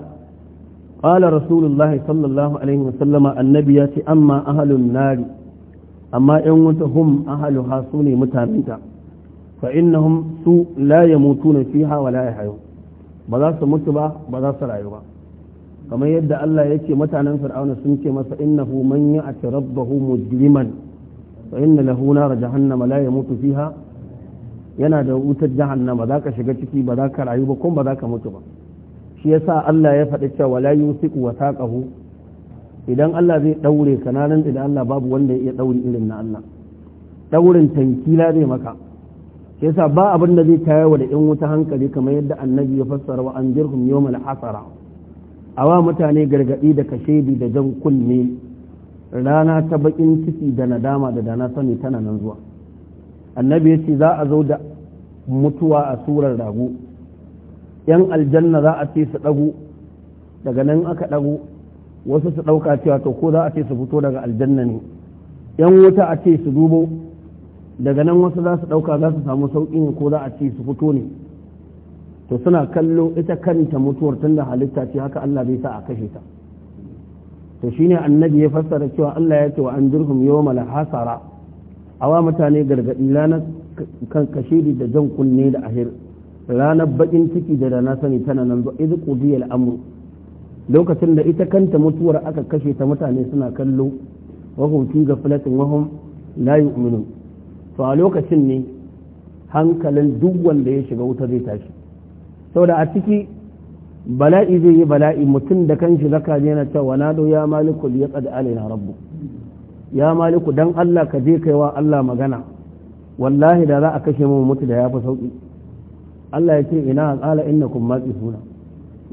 qala rasulullah sallallahu alaihi wa sallama annabi ya ce amma ahlun nari amma yan wuta hum ahluha sune mutanenta fa innahum su la yamutuna fiha wa la yahyu ba za su mutu ba ba za su rayu ba kamar yadda Allah ya ce mutanen fir'auna sun ce masa innahu man ya'ti rabbahu mujriman fa inna lahu nar jahannama la yamutu fiha yana da wutar jahannama za ka shiga ciki ba za ka rayu ba kuma ba za ka mutu ba shi yasa Allah ya faɗi cewa la yusiku wa taqahu idan Allah zai daure ka na nan idan Allah babu wanda ya iya daure irin na Allah daurin tankila zai maka shi yasa ba abin da zai tayar wa da in wuta hankali kamar yadda annabi ya fassara wa anjirhum yawmal hasara awa mutane gargadi da kashedi da jan kunne rana ta bakin ciki da nadama da dana sani tana nan zuwa annabi ya ce za a zo da mutuwa a surar rago yan aljanna za a ce su ɗagu daga nan aka ɗagu wasu su ɗauka cewa to ko za a ce su fito daga aljanna ne yan wuta a ce su dubo daga nan wasu za su ɗauka za su samu sauƙin ko za a ce su fito ne to suna kallo ita kanta mutuwar tunda halitta ce haka Allah bai sa a kashe ta to shine annabi ya fassara cewa Allah ya ce wa anjurhum yawmal hasara awa mutane gargaɗi ranar kan kashiri da jan kunne da ahir ranar bakin ciki da da na sani tana nan zuwa izu qudiyal amru lokacin da ita kanta mutuwar aka kashe ta mutane suna kallo wa hum fi ghaflatin wa hum la yu'minu to a lokacin ne hankalin duk wanda ya shiga wuta zai tashi saboda a ciki bala'i zai yi bala'i mutum da kanshi zaka yana cewa na ya malikul yaqad alaina rabbuk ya maliku dan Allah ka je kai wa Allah magana wallahi da za a kashe mu mutu da yafi sauki Allah ya ce ina qala innakum maqisuna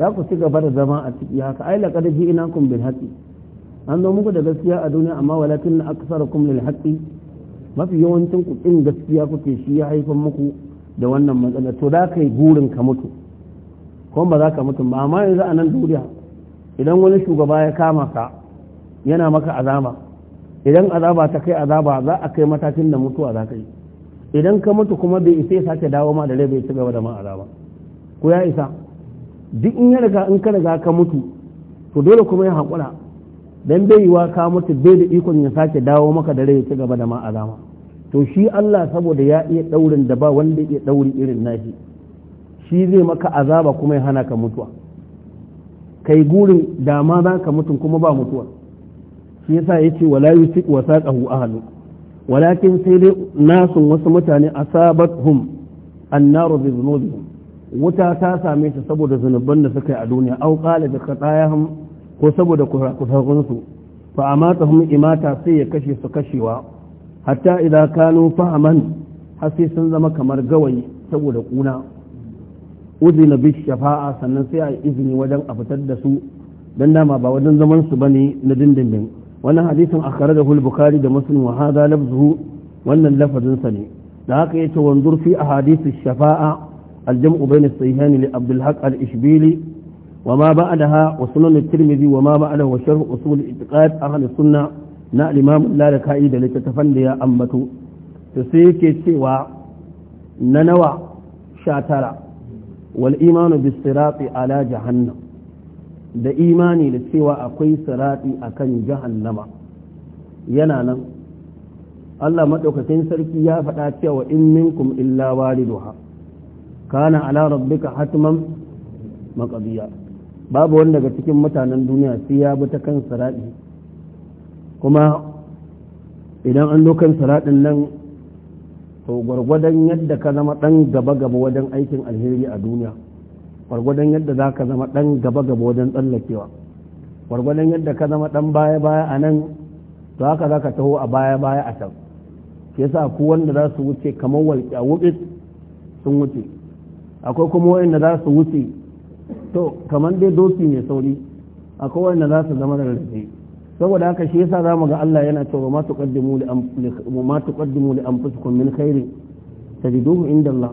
za ku ci gaba da zama a ciki haka ai laqad ji'nakum bil haqqi an zo muku da gaskiya a duniya amma walakin aksarakum lil haqqi mafi yawancin ku kin gaskiya kuke shi ya haifar muku da wannan matsala to da kai gurin ka mutu ko ba za ka mutu ba amma yanzu a nan duniya idan wani shugaba ya kama ka yana maka azama idan azaba ta kai azaba za a kai matakin da mutuwa za ka yi idan ka mutu kuma bai isa ya sake dawo ma da rai bai ci gaba da ma azaba ko ya isa duk in ya in ka riga ka mutu to dole kuma ya hakura dan bai yiwa ka mutu bai da ikon ya sake dawo maka da rai ya ci gaba da ma azaba to shi Allah saboda ya iya daurin da ba wanda ya dauri irin nashi shi zai maka azaba kuma ya hana ka mutuwa kai gurin dama za ka mutu kuma ba mutuwa shi yasa yace wala wa wasaqahu ahlu walakin sai dai nasun wasu mutane asabatuhum annaru bi dhunubihim wuta ta same su saboda zunuban da suka yi a duniya au qala bi khatayahum ko saboda kurakurakun su fa amatahum imata sai ya kashe su kashewa hatta idza kanu fahaman hasi sun zama kamar gawayi saboda kuna uzina bi shafa'a sannan sai a izini wajen a fitar da su dan dama ba wajen zaman su bane na dindindin wannan hadisin akhrajahu da hulbukari da muslim wa hadha wannan lafazinsa ne da haka ya ce wanzur fi a ash-shafa'a al-jam'u bayna as-sayhani li Abdul Haq al-Ishbili وما بعدها وسنن الترمذي وما بعده وشرح أصول اعتقاد أهل السنة na limamin lalaka'i da littafan da ya ambato da sai yake cewa na nawa sha tara wal imanu bisirati ala jahannam da imani da cewa akwai kan kan jahannama yana nan Allah maɗaukakin sarki ya faɗa cewa in minkum illa waliduha kana ala duka hatman maqdiya babu wanda daga cikin mutanen duniya sai ya bi ta kan sarati kuma idan an dokan siratin nan to gwargwadon yadda ka zama ɗan gaba-gaba wajen aikin alheri a duniya gwargwadon yadda za ka zama ɗan gaba-gaba wajen tsallakewa gwargwadon yadda ka zama ɗan baya-baya a nan to haka za ka taho a baya-baya a can ke sa ku wanda za su wuce kamar walƙi a wuɓit sun wuce akwai kuma wanda za su wuce to kamar dai doki ne sauri akwai wanda za su zama da rarrafe saboda haka shi yasa za mu ga Allah yana cewa ma tuqaddimu li ma tuqaddimu li anfusikum min khairin tajiduhu inda Allah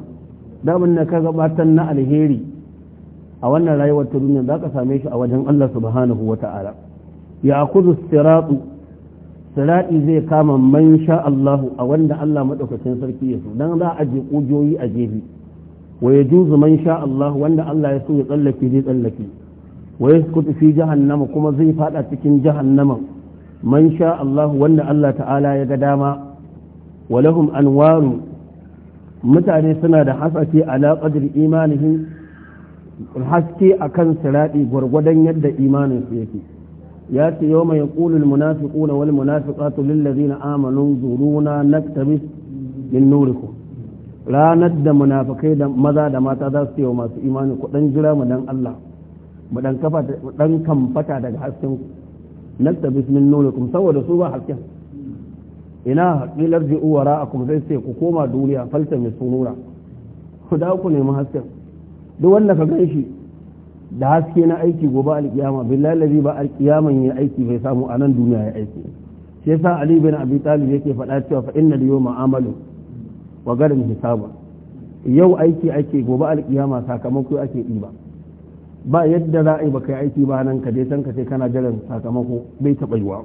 da mun ka gabatar na alheri a wannan rayuwar ta duniya za ka same shi a wajen Allah subhanahu wa ta'ala ya kudu siratu sirati zai kama man sha Allahu a wanda Allah maɗaukacin sarki ya so don za a je kujoyi a jefi wa yajuzu man sha Allahu wanda Allah ya so ya tsallake zai tsallake wa kudu fi jahannama kuma zai fada cikin jahannama man sha Allahu wanda Allah ta'ala ya ga dama wa lahum anwaru mutane suna da hasashe ala qadri imanihim haske a kan siraɗi gwargwadon yadda imanin su yake ya ce yau mai kulul munafiquna wal munafiqatu lil ladina amanu zuruna naktabis min nurikum ranar da munafikai da maza da mata za su yi wa masu imani ku dan jira mu dan Allah mu dan kafa dan kamfata daga hasken ku naktabis min nurikum saboda su ba hasken ina haƙilar ji'uwa ra'akum sai sai ku koma duniya falta mai sunura ku da ku nemi hasken duk wanda ka gan shi da haske na aiki gobe alkiyama billahi lazi ba alkiyaman ya aiki bai samu a nan duniya ya aiki shi yasa ali bin abi talib yake faɗa cewa fa inna yawma amalu wa garin hisaba yau aiki ake gobe alkiyama sakamako ake ɗiba ba yadda za a yi baka aiki ba nan ka dai san ka sai kana jiran sakamako bai taɓa yiwa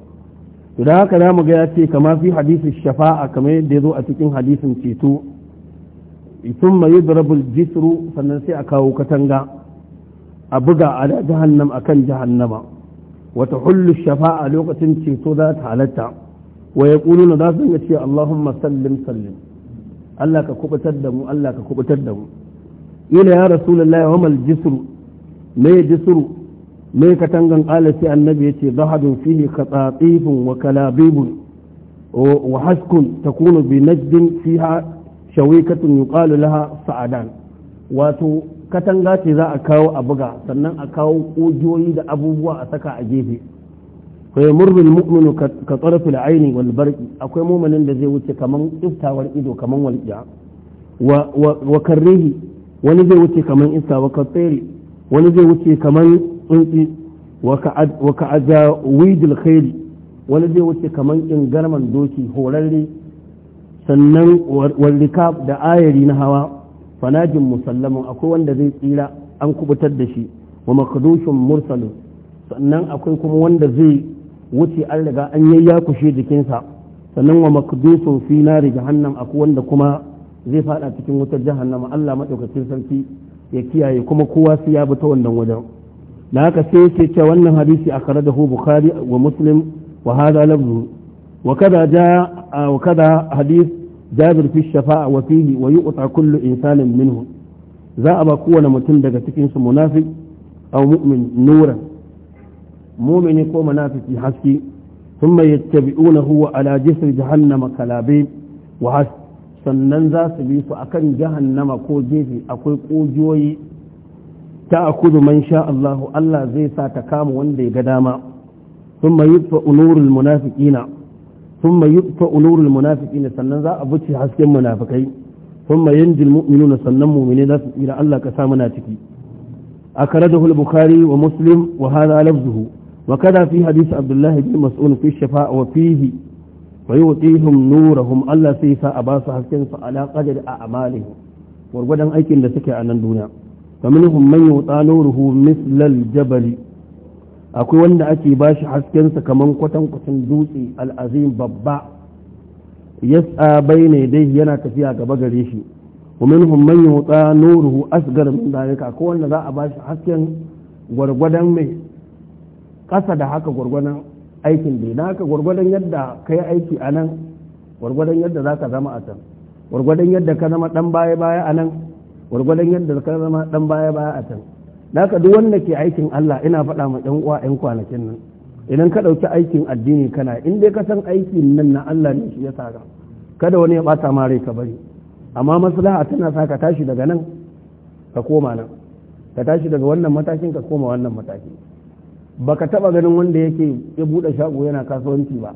to da haka za mu ga ya ce kama fi hadisin shafa'a kamar yadda ya zo a cikin hadisin ceto thumma yudrabul jisiru sannan sai a kawo katanga a buga ala jahannam akan jahannama wa tahullu shafa'a lokacin ceto za ta halatta wa yaquluna za su ce Allahumma sallim sallim Allah ka kubutar da mu Allah ka kubutar da mu ila ya rasulullahi wa mal jisru me jisru me katangan qala sai annabi yace zahadun fihi qatatifun wakala kalabibun wa haskun takunu bi najdin fiha shawikatun yuqalu laha sa'adan wato katanga ce za a kawo a buga sannan a kawo ƙugiyoyi da abubuwa a saka a gefe kai murbin mu'minu ka tsara da aini wal barki akwai mumanin da zai wuce kaman iftawar ido kaman walƙiya wa karrihi wani zai wuce kaman isa wa katsiri wani zai wuce kaman tsuntsi wa ka aja widil khairi wani zai wuce kaman ingarman doki horarri sannan warrikab da ayari na hawa fanajin musallamun akwai wanda zai tsira an kubutar da shi wa makadushin mursalin sannan akwai kuma wanda zai wuce an riga an yayyakushe jikinsa sannan wa makadushin fi nari jahannam akwai wanda kuma zai fada cikin wutar jahannam Allah madaukakin sarki ya kiyaye kuma kowa sai ya bi ta wannan wajen da haka sai yake cewa wannan hadisi a kare da hu bukhari wa muslim wa hada lafzu وكذا جاء وكذا حديث جابر في الشفاعة وفيه ويقطع كل إنسان منه za a ba kowane mutum daga cikin munafik au mu'min nuran mumini ko munafiki haske ثم يتبعونه على جسر جهنم كلابين وحس sannan za su bi su akan jahannama ko gefe akwai ƙugiyoyi ta a kudu man sha Allahu Allah zai sa ta kama wanda ya ga dama sun mai yi nurul munafiqina thumma yutfa ulurul munafiqina sannan za a buce hasken munafikai thumma yanjil mu'minuna sannan mu'mini za su ila Allah ka sa muna ciki akradahu al-bukhari wa muslim wa hadha lafzuhu wa kada fi hadith abdullah bin mas'ud fi shafa'a wa fihi wa yu'tihim nurahum Allah sai sa a basu hasken su ala qadri a'malihim gurgudan aikin da suke a nan duniya فمنهم من يطالوره مثل الجبل akwai wanda ake ba shi haskensa kamar kwatankwacin dutse al'azim babba yasa baine ne dai yana tafiya gaba gare shi nuruhu asgar min dalika akwai wanda za a ba shi hasken gwargwadon mai kasa da haka gwargwadon aikin da na haka gwargwadon yadda ka yi aiki a nan gwargwadon yadda za ka zama a can gwargwadon yadda ka zama dan baya baya a nan gwargwadon yadda ka zama dan baya baya a can haka duk wanda ke aikin Allah ina faɗa ma ɗan uwa ɗan kwanakin nan idan ka ɗauki aikin addini kana in dai ka san aikin nan na Allah ne shi ya saka kada wani ya ɓata ma rai ka bari amma maslaha tana sa ka tashi daga nan ka koma nan ka tashi daga wannan matakin ka koma wannan ba baka taba ganin wanda yake ya buɗe shago yana kasuwanci ba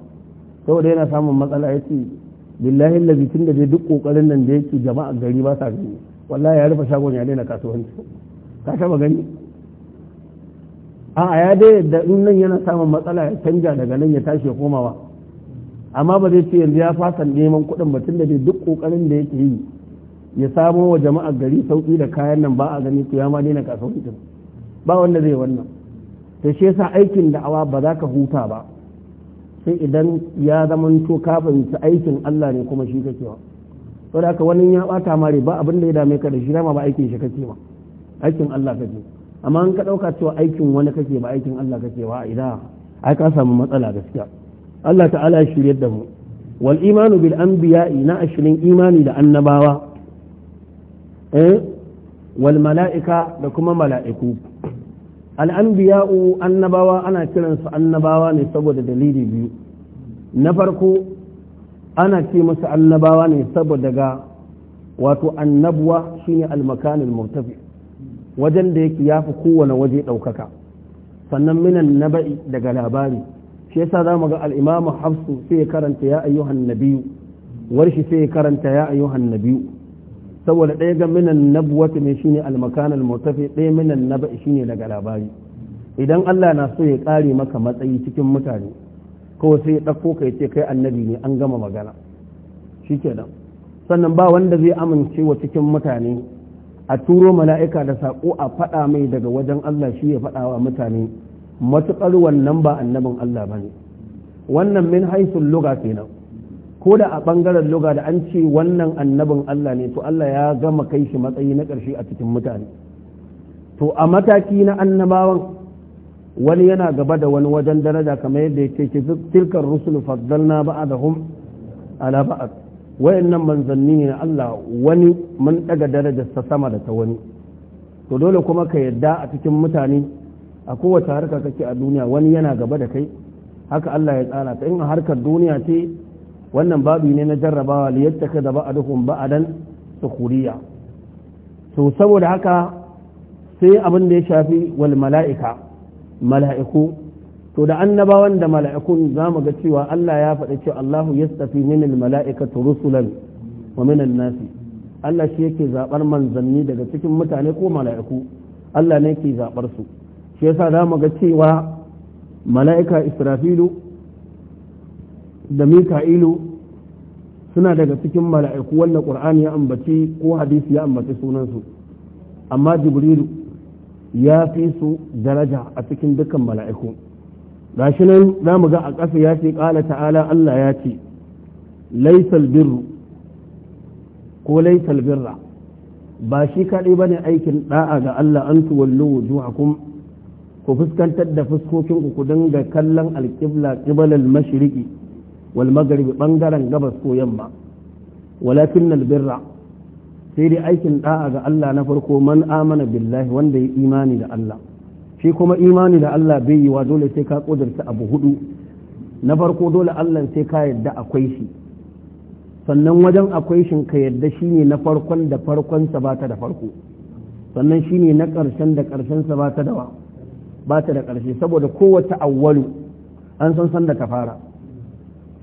saboda yana samun matsala ya ce billahi lazi tun da duk kokarin nan da yake jama'a gari ba sa gani wallahi ya rufe shagon ya daina kasuwanci ka taba gani a ya dai da in nan yana samun matsala ya canja daga nan ya tashi ya komawa amma ba zai ce yanzu ya fasa neman kuɗin mutum da duk kokarin da yake yi ya samo wa jama'a gari sauki da kayan nan ba a gani ku ya ma daina kasuwancin ba wanda zai wannan ta shi yasa aikin da'awa ba za ka huta ba sai idan ya zamanto ka fahimci aikin Allah ne kuma shi kake wa saboda haka wani ya bata mare ba abin da ya dame ka da shi dama ba aikin shi kake ba aikin Allah kake amma an ka ɗauka cewa aikin wani kake ba aikin Allah kake ba idan ai ka samu matsala gaskiya Allah ta'ala ya shirye da mu wal imanu bil anbiya'i na ashirin imani da annabawa eh wal mala'ika da kuma mala'iku al anbiya'u annabawa ana su annabawa ne saboda dalili biyu na farko ana ce musu annabawa ne saboda ga wato annabuwa shine al makanil murtafi wajen da yake fi kowane waje ɗaukaka sannan minan naba'i daga labari shi yasa za mu ga al'imamu hafsu sai ya karanta ya ayyuhan nabiyu warshi sai ya karanta ya ayyuhan nabiyu saboda ɗaya ga minan nabuwata mai shine almakan almutafi ɗaya minan naba'i shine daga labari idan Allah na so ya ƙare maka matsayi cikin mutane kawai sai ya ɗauko ka ce kai annabi ne an gama magana shi sannan ba wanda zai amince wa cikin mutane a turo mala'ika da saƙo a faɗa mai daga wajen Allah shi ya faɗa wa mutane matuƙar wannan ba annabin Allah ba ne wannan min haisun luga kenan ko da a ɓangaren luga da an ce wannan annabin Allah ne to Allah ya gama kai shi matsayi na ƙarshe a cikin mutane to a mataki na annabawan wani yana gaba da wani wajen daraja kamar yadda ya ce tilkar rusul faddalna ba'adahum ala ba'ad wayannan manzanni ne Allah wani mun daga darajarsa sama da ta wani to dole kuma ka yadda a cikin mutane a kowace harka kake a duniya wani yana gaba da kai haka Allah ya tsara ta in harkar duniya ce wannan babu ne na jarrabawa liyattaka da ba'aduhum ba'adan sukuriya to saboda haka sai abin da ya shafi wal mala'ika mala'iku to da annabawan da mala'ikun za mu ga cewa Allah ya faɗa cewa Allahu yastafi min mala'ikatu rusulan wa min nasi Allah shi yake zabar manzanni daga cikin mutane ko mala'iku Allah ne yake zabar su shi yasa za mu ga cewa mala'ika Israfilu da Mika'ilu suna daga cikin mala'iku wanda Qur'ani ya ambaci ko hadisi ya ambaci sunansu amma Jibrilu ya fi su daraja a cikin dukkan mala'iku gashi nan za mu ga a ƙasa ya ce ƙala ta'ala Allah ya ce laisal birru ko laisal birra ba shi kaɗai ba ne aikin ɗa'a ga Allah an tuwallo wujuhakum ku fuskantar da fuskokinku ku dinga kallon alƙibla ƙibalal mashiriki wal magharibi ɓangaren gabas ko yamma walakin birra sai dai aikin ɗa'a ga Allah na farko man amana billahi wanda ya imani da Allah shi kuma imani da Allah bai yi wa dole sai ka kudurta abu hudu na farko dole Allah sai ka yadda akwai shi sannan wajen akwai shi ka yadda shi ne na farkon da farkon sa ba ta da farko sannan shi ne na ƙarshen da ƙarshen sa ba ta da ba ta da ƙarshe saboda kowace awwalu an san san da ka fara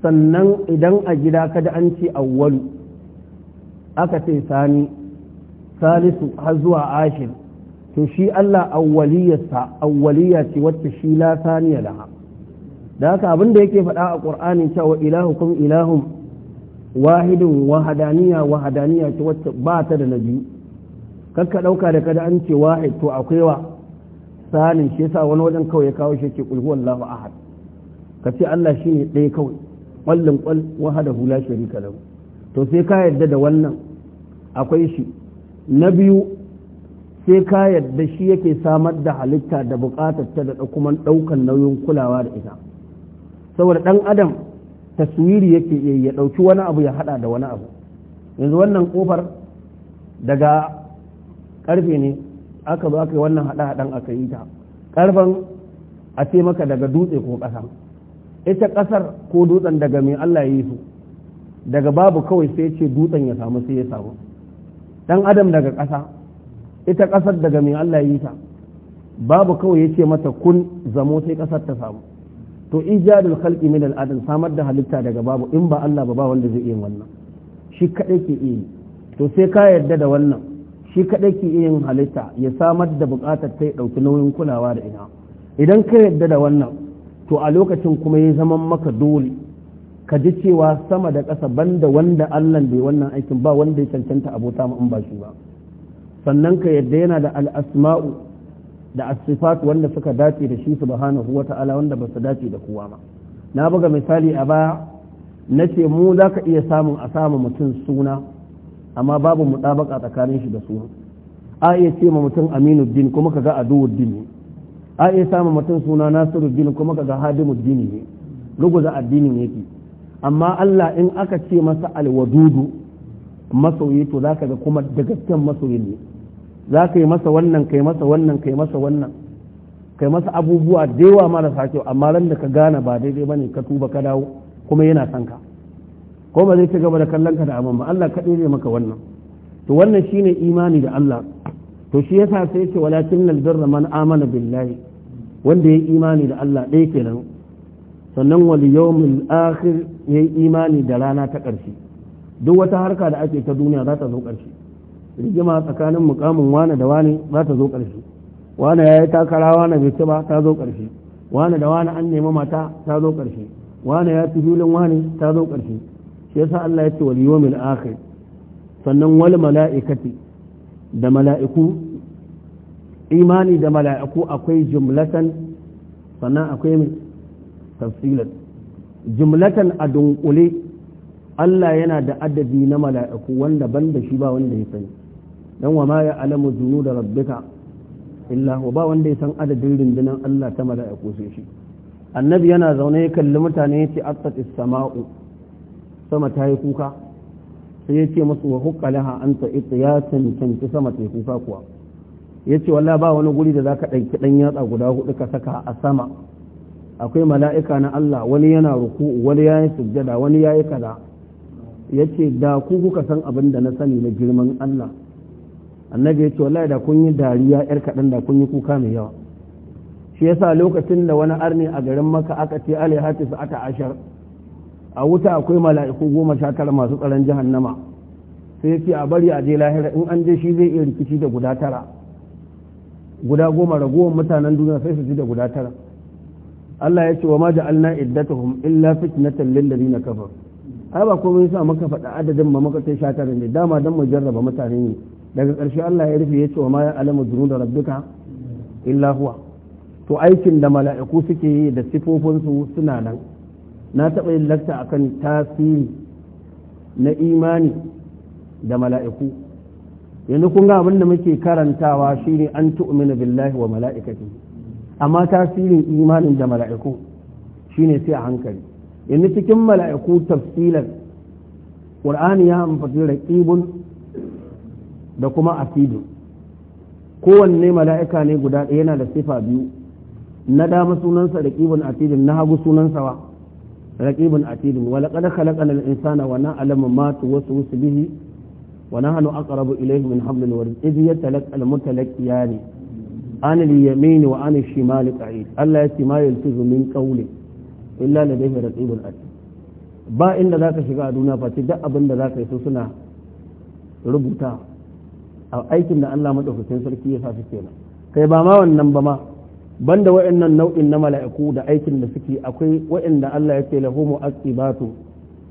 sannan idan a gida kada an ce awwalu aka ce sani salisu har zuwa ashir to shi Allah awwaliyarsa awwaliya ce wacce shi la saniya laha da haka abin da yake faɗa a ƙur'ani cewa ilahukum ilahum wahidun wahadaniya wahadaniya ce wacce ba ta da nabi kakka ɗauka da kada an ce wahid to akwai wa sanin shi yasa wani wajen kawai ya kawo shi ke kulhu wallahu ahad ka ce Allah shine ɗaya kawai ƙwallin ƙwal wahadahu la sharika lahu to sai ka yarda da wannan akwai shi na biyu sai ka yadda shi yake samar da halitta da buƙatar ta da kuma ɗaukan nauyin kulawa da ita saboda ɗan adam taswiri yake ya ɗauki wani abu ya haɗa da wani abu yanzu wannan ƙofar daga ƙarfe ne aka zo aka yi wannan haɗa-haɗan aka yi ta ƙarfen a ce maka daga dutse ko ƙasa ita ƙasar ko dutsen daga mai Allah ya yi su daga babu kawai sai ce dutsen ya samu sai ya samu dan adam daga ƙasa ita ƙasar daga mai Allah yi ta babu kawai ya ce mata kun zamo sai ƙasar ta samu to ijadul khalqi min al-adam samar da halitta daga babu in ba Allah ba ba wanda zai iya wannan shi kadai ke iya to sai ka yarda da wannan shi kadai ke iya yin halitta ya samar da bukatar ta ya dauki nauyin kulawa da ina idan ka yarda da wannan to a lokacin kuma ya zama maka dole ka ji cewa sama da ƙasa banda wanda Allah bai wannan aikin ba wanda ya cancanta abota mu in ba shi ba sannan ka yadda yana da al'asma'u da asifat wanda suka dace da shi subhanahu wa ta'ala wanda ba su dace da kowa ba na buga misali a baya na ce mu za ka iya samun a samu mutum suna amma babu mutabaka tsakanin shi da suna a iya ce ma mutum aminuddin kuma kaga aduwuddin ne a iya samun mutum suna nasiruddin kuma kaga hadimuddin ne ruguza addinin yake amma Allah in aka ce masa alwadudu masoyi to za ka ga kuma da gaskiyar masoyin ne za ka yi masa wannan ka yi masa wannan ka yi masa wannan ka yi masa abubuwa da yawa marasa kyau amma ran da ka gane ba daidai ba ne ka tuba ka dawo kuma yana son ka ko ba zai ci gaba da kallon ka da amma Allah kaɗai zai maka wannan to wannan shine imani da Allah to shi yasa sai ce walakin nal birra man amana billahi wanda ya imani da Allah ɗaya kenan sannan wal yawmil akhir ya imani da rana ta ƙarshe duk wata harka da ake ta duniya za ta zo ƙarshe rigima tsakanin mukamin wane da wane za ta zo ƙarshe wane ya yi takara wane bai ci ba ta zo ƙarshe wane da wane an nemi mata ta zo ƙarshe wane ya fi filin wane ta zo ƙarshe shi yasa Allah ya ce wal yawmil akhir sannan wal mala'ikati da mala'iku imani da mala'iku akwai jumlatan sannan akwai mai tafsilan jumlatan a dunkule Allah yana da adadi na mala'iku wanda ban da shi ba wanda ya sani dan wa ma ya'lamu da rabbika illa huwa ba wanda ya san adadin rundunar Allah ta mala'iku sai shi annabi yana zaune ya kalli mutane ya ce attatis sama'u sama ta yi kuka sai yace ce musu wa hukka laha an ta ya cancanci sama ta yi kuka kuwa ya ce ba wani guri da za ka ɗauki ɗan yatsa guda hudu ka saka a sama akwai mala'ika na Allah wani yana ruku wani ya yi sujjada wani ya yi kaza ya da ku kuka san abin da na sani na girman Allah annabi ya ce wallahi da kun yi dariya yar kaɗan da kun yi kuka mai yawa shi yasa lokacin da wani arni a garin maka aka ce alai hati ata ashar a wuta akwai mala'iku goma sha tara masu tsaron jahannama sai ya ce a bari a je lahira in an je shi zai iya rikici da guda tara guda goma ragowar mutanen duniya sai su ji da guda tara Allah ya ce wa ma ja'alna iddatuhum illa fitnatan lil ladina kafaru ai ba komai yasa muka faɗa adadin ba muka kai sha tara ne dama dan mu jarraba mutane ne daga ƙarshe Allah ya rufe ya ce wa ma ya'lamu da rabbika illa huwa to aikin da mala'iku suke yi da sifofinsu suna nan na taɓa yin lakta akan tasiri na imani da mala'iku yanzu kun ga abin da muke karantawa shine an tu'minu billahi wa mala'ikati amma tasirin imanin da mala'iku shine sai a hankali yanzu cikin mala'iku tafsilan qur'ani ya amfani raqibun da kuma asidu kowanne mala'ika ne guda ɗaya yana da sifa biyu na dama sunansa raqibun atidin na hagu sunansa wa raqibun atidin wa laqad khalaqana al-insana wa na'lamu ma tuwaswisu bihi wa nahnu aqrabu ilayhi min hablil warid idh yatalaqqa al-mutalaqqiyani an al-yamin wa an al-shimali qa'id Allah ya ma yaltizu min qawli illa ladayhi raqibun atid ba inda zaka shiga a duniya fa duk abin da zaka yi su suna rubuta aikin da Allah madaukakin sarki ya sa su kenan kai ba ma wannan ba ma banda wayannan nau'in na mala'iku da aikin da suke akwai wayanda Allah ya ce lahumu asibatu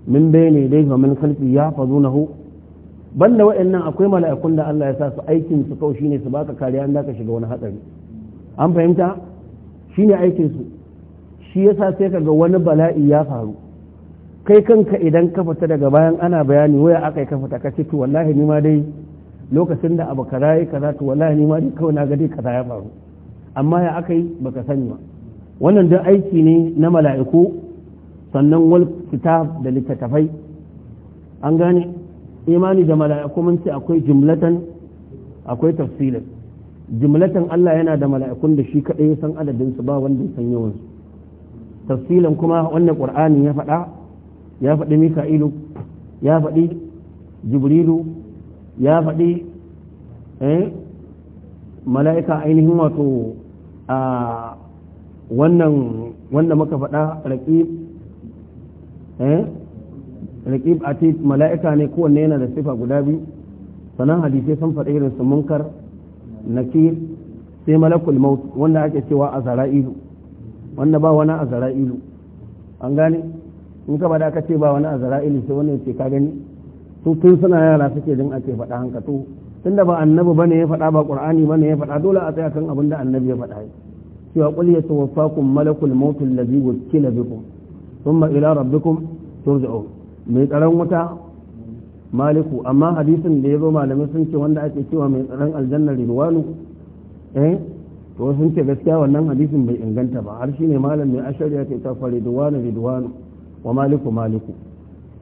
min bayni dai wa min khalfi yahfazunahu banda wayannan akwai mala'ikun da Allah ya sa su aikin su kawai shine su baka kariya an ka shiga wani hatsari an fahimta shine aikin su shi yasa sai kaga wani bala'i ya faru kai kanka idan ka fita daga bayan ana bayani waya aka yi ka fita ka ce to wallahi ni ma dai lokacin da abu kaza ya kaza to wallahi ni ma kawai na ga dai kaza ya faru amma ya akai baka sani ba wannan duk aiki ne na mala'iku sannan wal kitab da littattafai an gane imani da mala'iku mun ce akwai jumlatan akwai tafsilin jumlatan Allah yana da mala'ikun da shi kaɗai san adadin su ba wanda san yawan su tafsilin kuma wannan qur'ani ya faɗa ya faɗi mika'ilu ya faɗi jibrilu ya faɗi eh, mala'ika ainihin wato a wannan wanda muka faɗa raƙib a ce mala'ika ne kowanne yana da sifa guda biyu sanan hadisai sun faɗi irin su munkar nakir sai malakul maut wanda ake cewa a ilu wanda ba wani a ilu an gane in ka ba da aka ce ba wani a ilu sai wannan ce ka gani su tun suna yara suke jin ake faɗa hanka to tunda ba annabi bane ya faɗa ba qur'ani bane ya faɗa dole a tsaya kan abin da annabi ya faɗa cewa qul yatawaffakum malakul maut allazi wukila bikum thumma ila rabbikum turja'un mai tsaron wuta maliku amma hadisin da ya zo malamai sun ce wanda ake cewa mai tsaron aljanna ridwanu eh to sun ce gaskiya wannan hadisin bai inganta ba har shine malam mai ashariya ke ta faridwanu ridwanu wa maliku maliku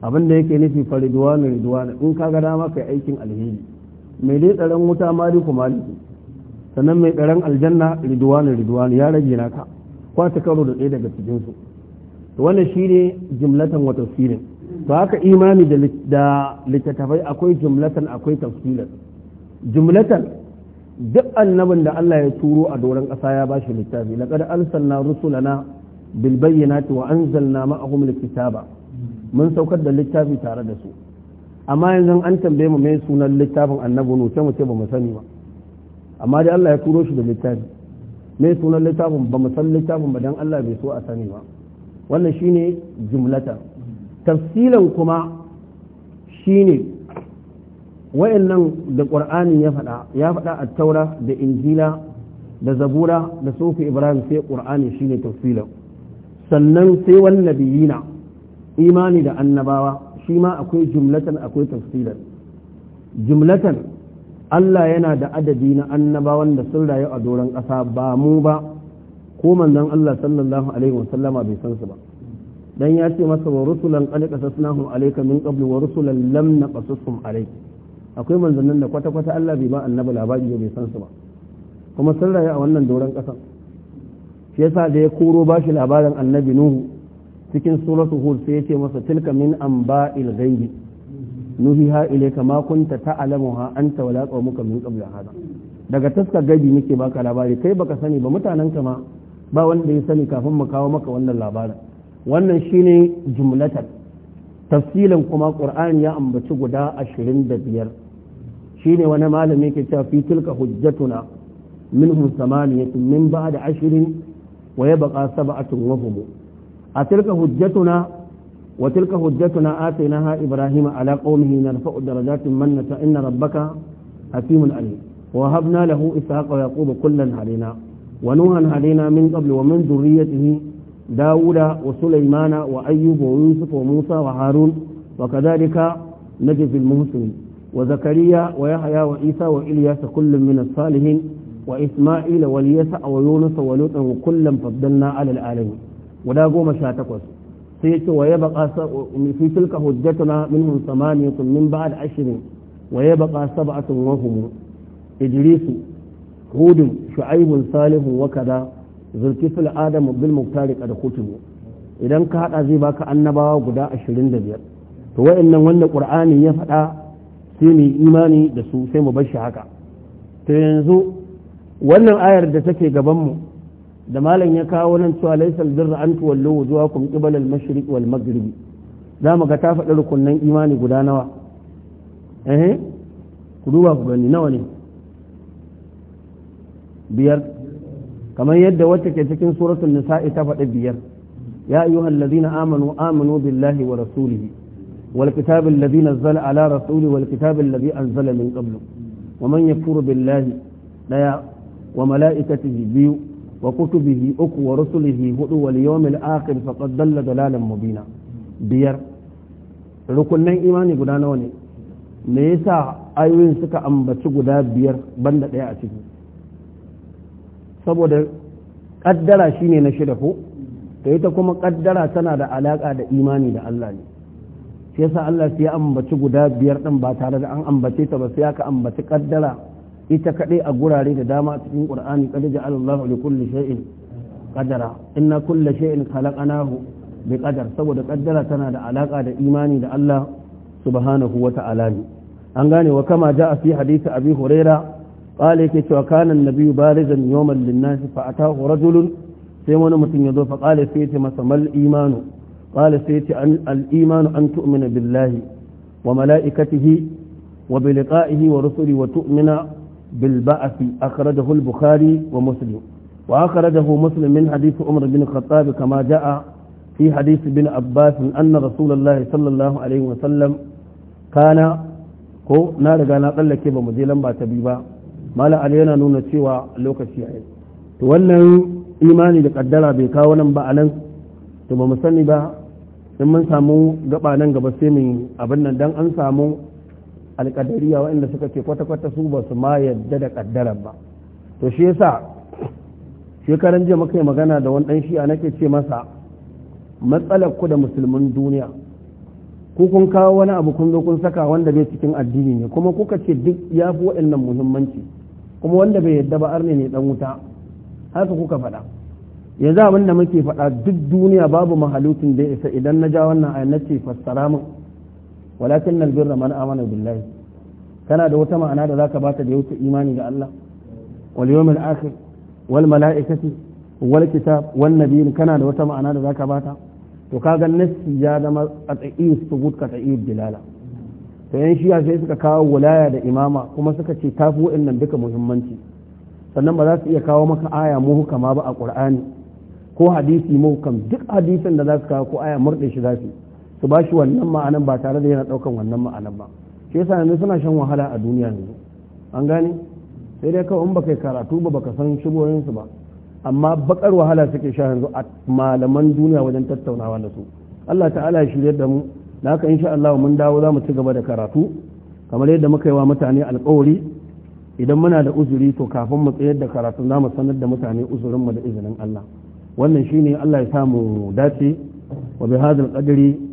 abin da yake nufi fa riduwa na in ka ga dama kai aikin alheri mai dai tsaron wuta maliku maliku sannan mai tsaron aljanna ridwanu ridwanu ya rage naka kwata karo da ɗaya daga cikin su to wannan shine jimlatan wa tafsirin to haka imani da littattafai akwai jimlatan akwai tafsirin jimlatan duk annabin da Allah ya turo a doron ƙasa ya bashi littafi laqad arsalna rusulana bilbayyana bayyinati wa anzalna ma'ahum al-kitaba mun saukar da littafi tare da su amma yanzu an tambaye mu mai sunan littafin annabi nu sai mu ce ba mu sani ba amma dai Allah ya turo shi da littafi mai sunan littafin ba mu san littafin ba dan Allah bai so a sani ba wannan shine jumlata tafsilan kuma shine wayannan da qur'ani ya faɗa ya faɗa taura da injila da zabura da sufi ibrahim sai qur'ani shine tafsilan sannan sai wan nabiyina imani da annabawa shi ma akwai jumlatan akwai tafsilan jumlatan Allah yana da adadi na annabawan da sun rayu a doron ƙasa ba mu ba ko manzon Allah sallallahu alaihi wasallama bai san su ba dan ya ce masa wa rusulan qad qasasnahum alayka min qabl wa rusulan lam naqasushum alayk akwai manzannin da kwata kwata Allah bai ba annabi labari bai san su ba kuma sun rayu a wannan doron ƙasa shi yasa da ya koro bashi labarin annabi nuhu cikin suratu hud sai yace masa tilka min anba'il ghaibi nuhiha ilayka ma kunta ta'lamuha anta wala qaumuka min qabl hada daga taska gabi muke baka labari kai baka sani ba mutanen ma ba wanda ya sani kafin mu kawo maka wannan labarin wannan shine jumlatan tafsilin kuma qur'ani ya ambaci guda 25 shine wani malami yake cewa fi tilka hujjatuna minhum samaniyatun min ba'da ashirin. wa yabqa sab'atun wa a tilka hujjatuna wa tilka hujjatuna atainaha ibrahima ala qaumihi narfa'u darajatin man nata inna rabbaka hakimun alim wa habna lahu ishaqa wa yaquba kullan hadina wa nuhan hadina min qabl wa min dhurriyyatihi dawuda wa sulaymana wa ayyuba yusuf wa musa wa harun wa kadhalika najzi al-muhsinin وزكريا ويحيى وعيسى وإلياس كل من الصالحين وإسماعيل واليسع ويونس ولوطا وكلا فضلنا على العالمين guda goma sha takwas sai ya ce wa ya baka fi tilka hujjatuna minhum sun min da ashirin wa ya baka sab'atun wa idrisu hudun shu'aibun salihun wa kaza zulkifil adamu bil muktari qad kutibu idan ka hada zai baka annabawa guda da biyar to wa'annan wanda qur'ani ya faɗa sai mu imani da su sai mu bar shi haka to yanzu wannan ayar da take gaban mu da malam ya kawo nan cewa laisal birra an tuwallu wujuhakum qibala al-mashriq wal maghrib za mu ga ta faɗi rukunnan imani guda nawa eh ku duba ku gani nawa ne biyar kamar yadda wacce ke cikin suratul nisa'i ta faɗi biyar ya ayyuhal ladina amanu amanu billahi wa rasulihi wal kitabi alladhi nazzala ala rasuli wal kitabi alladhi anzala min qablu wa man yakfur billahi daya wa mala'ikatihi biyu وكتبه أكو ورسله هدو واليوم الآخر فقد دل دلالا مبينا بير rukunnan imani guda nawa ne me yasa ayoyin suka ambaci guda biyar banda ɗaya a ciki saboda ƙaddara shine na shida ko to ita kuma ƙaddara tana da alaƙa da imani da Allah ne shi yasa Allah sai ya ambaci guda biyar ɗin ba tare da an ambace ta ba sai aka ambaci ƙaddara ita kaɗai a gurare da dama a cikin ƙur'ani kada ja Allah li kulli shay'in qadara inna kulli shay'in khalaqnahu bi ƙadar saboda qaddara tana da alaka da imani da Allah subhanahu wa ta'ala an gane wa kama ja'a fi hadisi abi huraira qala yake cewa kana an-nabiyyu barizan yawman lin-nas fa atahu rajulun sai wani mutum ya zo fa qala sai ya masa mal imanu sai ya al-imanu an tu'mina billahi wa mala'ikatihi وبلقائه ورسله وتؤمن بالبعث أخرجه البخاري ومسلم وأخرجه مسلم من حديث عمر بن الخطاب كما جاء في حديث ابن عباس أن رسول الله صلى الله عليه وسلم كان ko na riga na tsallake ba mu je lamba ta biyu ba mala ali yana nuna cewa lokaci ya to wannan imani da kaddara bai kawo nan ba a nan to ba mu sani ba in mun samu gaba nan gaba sai mu abin nan dan an samu alƙadariya waɗanda suka ce kwata-kwata su ba su ma yadda da ƙaddarar ba to shi yasa shekaran jiya muka yi magana da wani ɗan shi'a nake ce masa matsalar ku da musulmin duniya ku kun kawo wani abu kun zo kun saka wanda bai cikin addini ne kuma kuka ce duk ya fi waɗannan muhimmanci kuma wanda bai yadda ba arne ne dan wuta haka kuka faɗa yanzu abin da muke faɗa duk duniya babu mahalutin da ya isa idan na ja wannan ayyana ce fassara min walakin nal birra man amana billahi kana da wata ma'ana da zaka bata da yauce imani ga Allah wal yawmil akhir wal mala'ikati wal kitab wan nabiyyin kana da wata ma'ana da zaka bata to kaga nassi ya zama qat'i subut qat'i dilala to yan shiya sai suka kawo walaya da imama kuma suka ce tafi wa'annan duka muhimmanci sannan ba za su iya kawo maka aya muhukama ba a qur'ani ko hadisi muhukam duk hadisin da za su kawo ko aya murɗe shi za su su ba shi wannan ma'anan ba tare da yana ɗaukan wannan ma'anan ba shi yasa yanzu suna shan wahala a duniya yanzu an gane sai dai kawai in baka yi karatu ba baka san su ba amma bakar wahala suke sha yanzu a malaman duniya wajen tattaunawa da su Allah ta'ala ya shirye da mu da haka insha Allah mun dawo za mu ci gaba da karatu kamar yadda muka yi wa mutane alkawari idan muna da uzuri to kafin mu tsayar da karatu za mu sanar da mutane uzurin mu da izinin Allah wannan shine Allah ya samu dace wa bihadhal qadri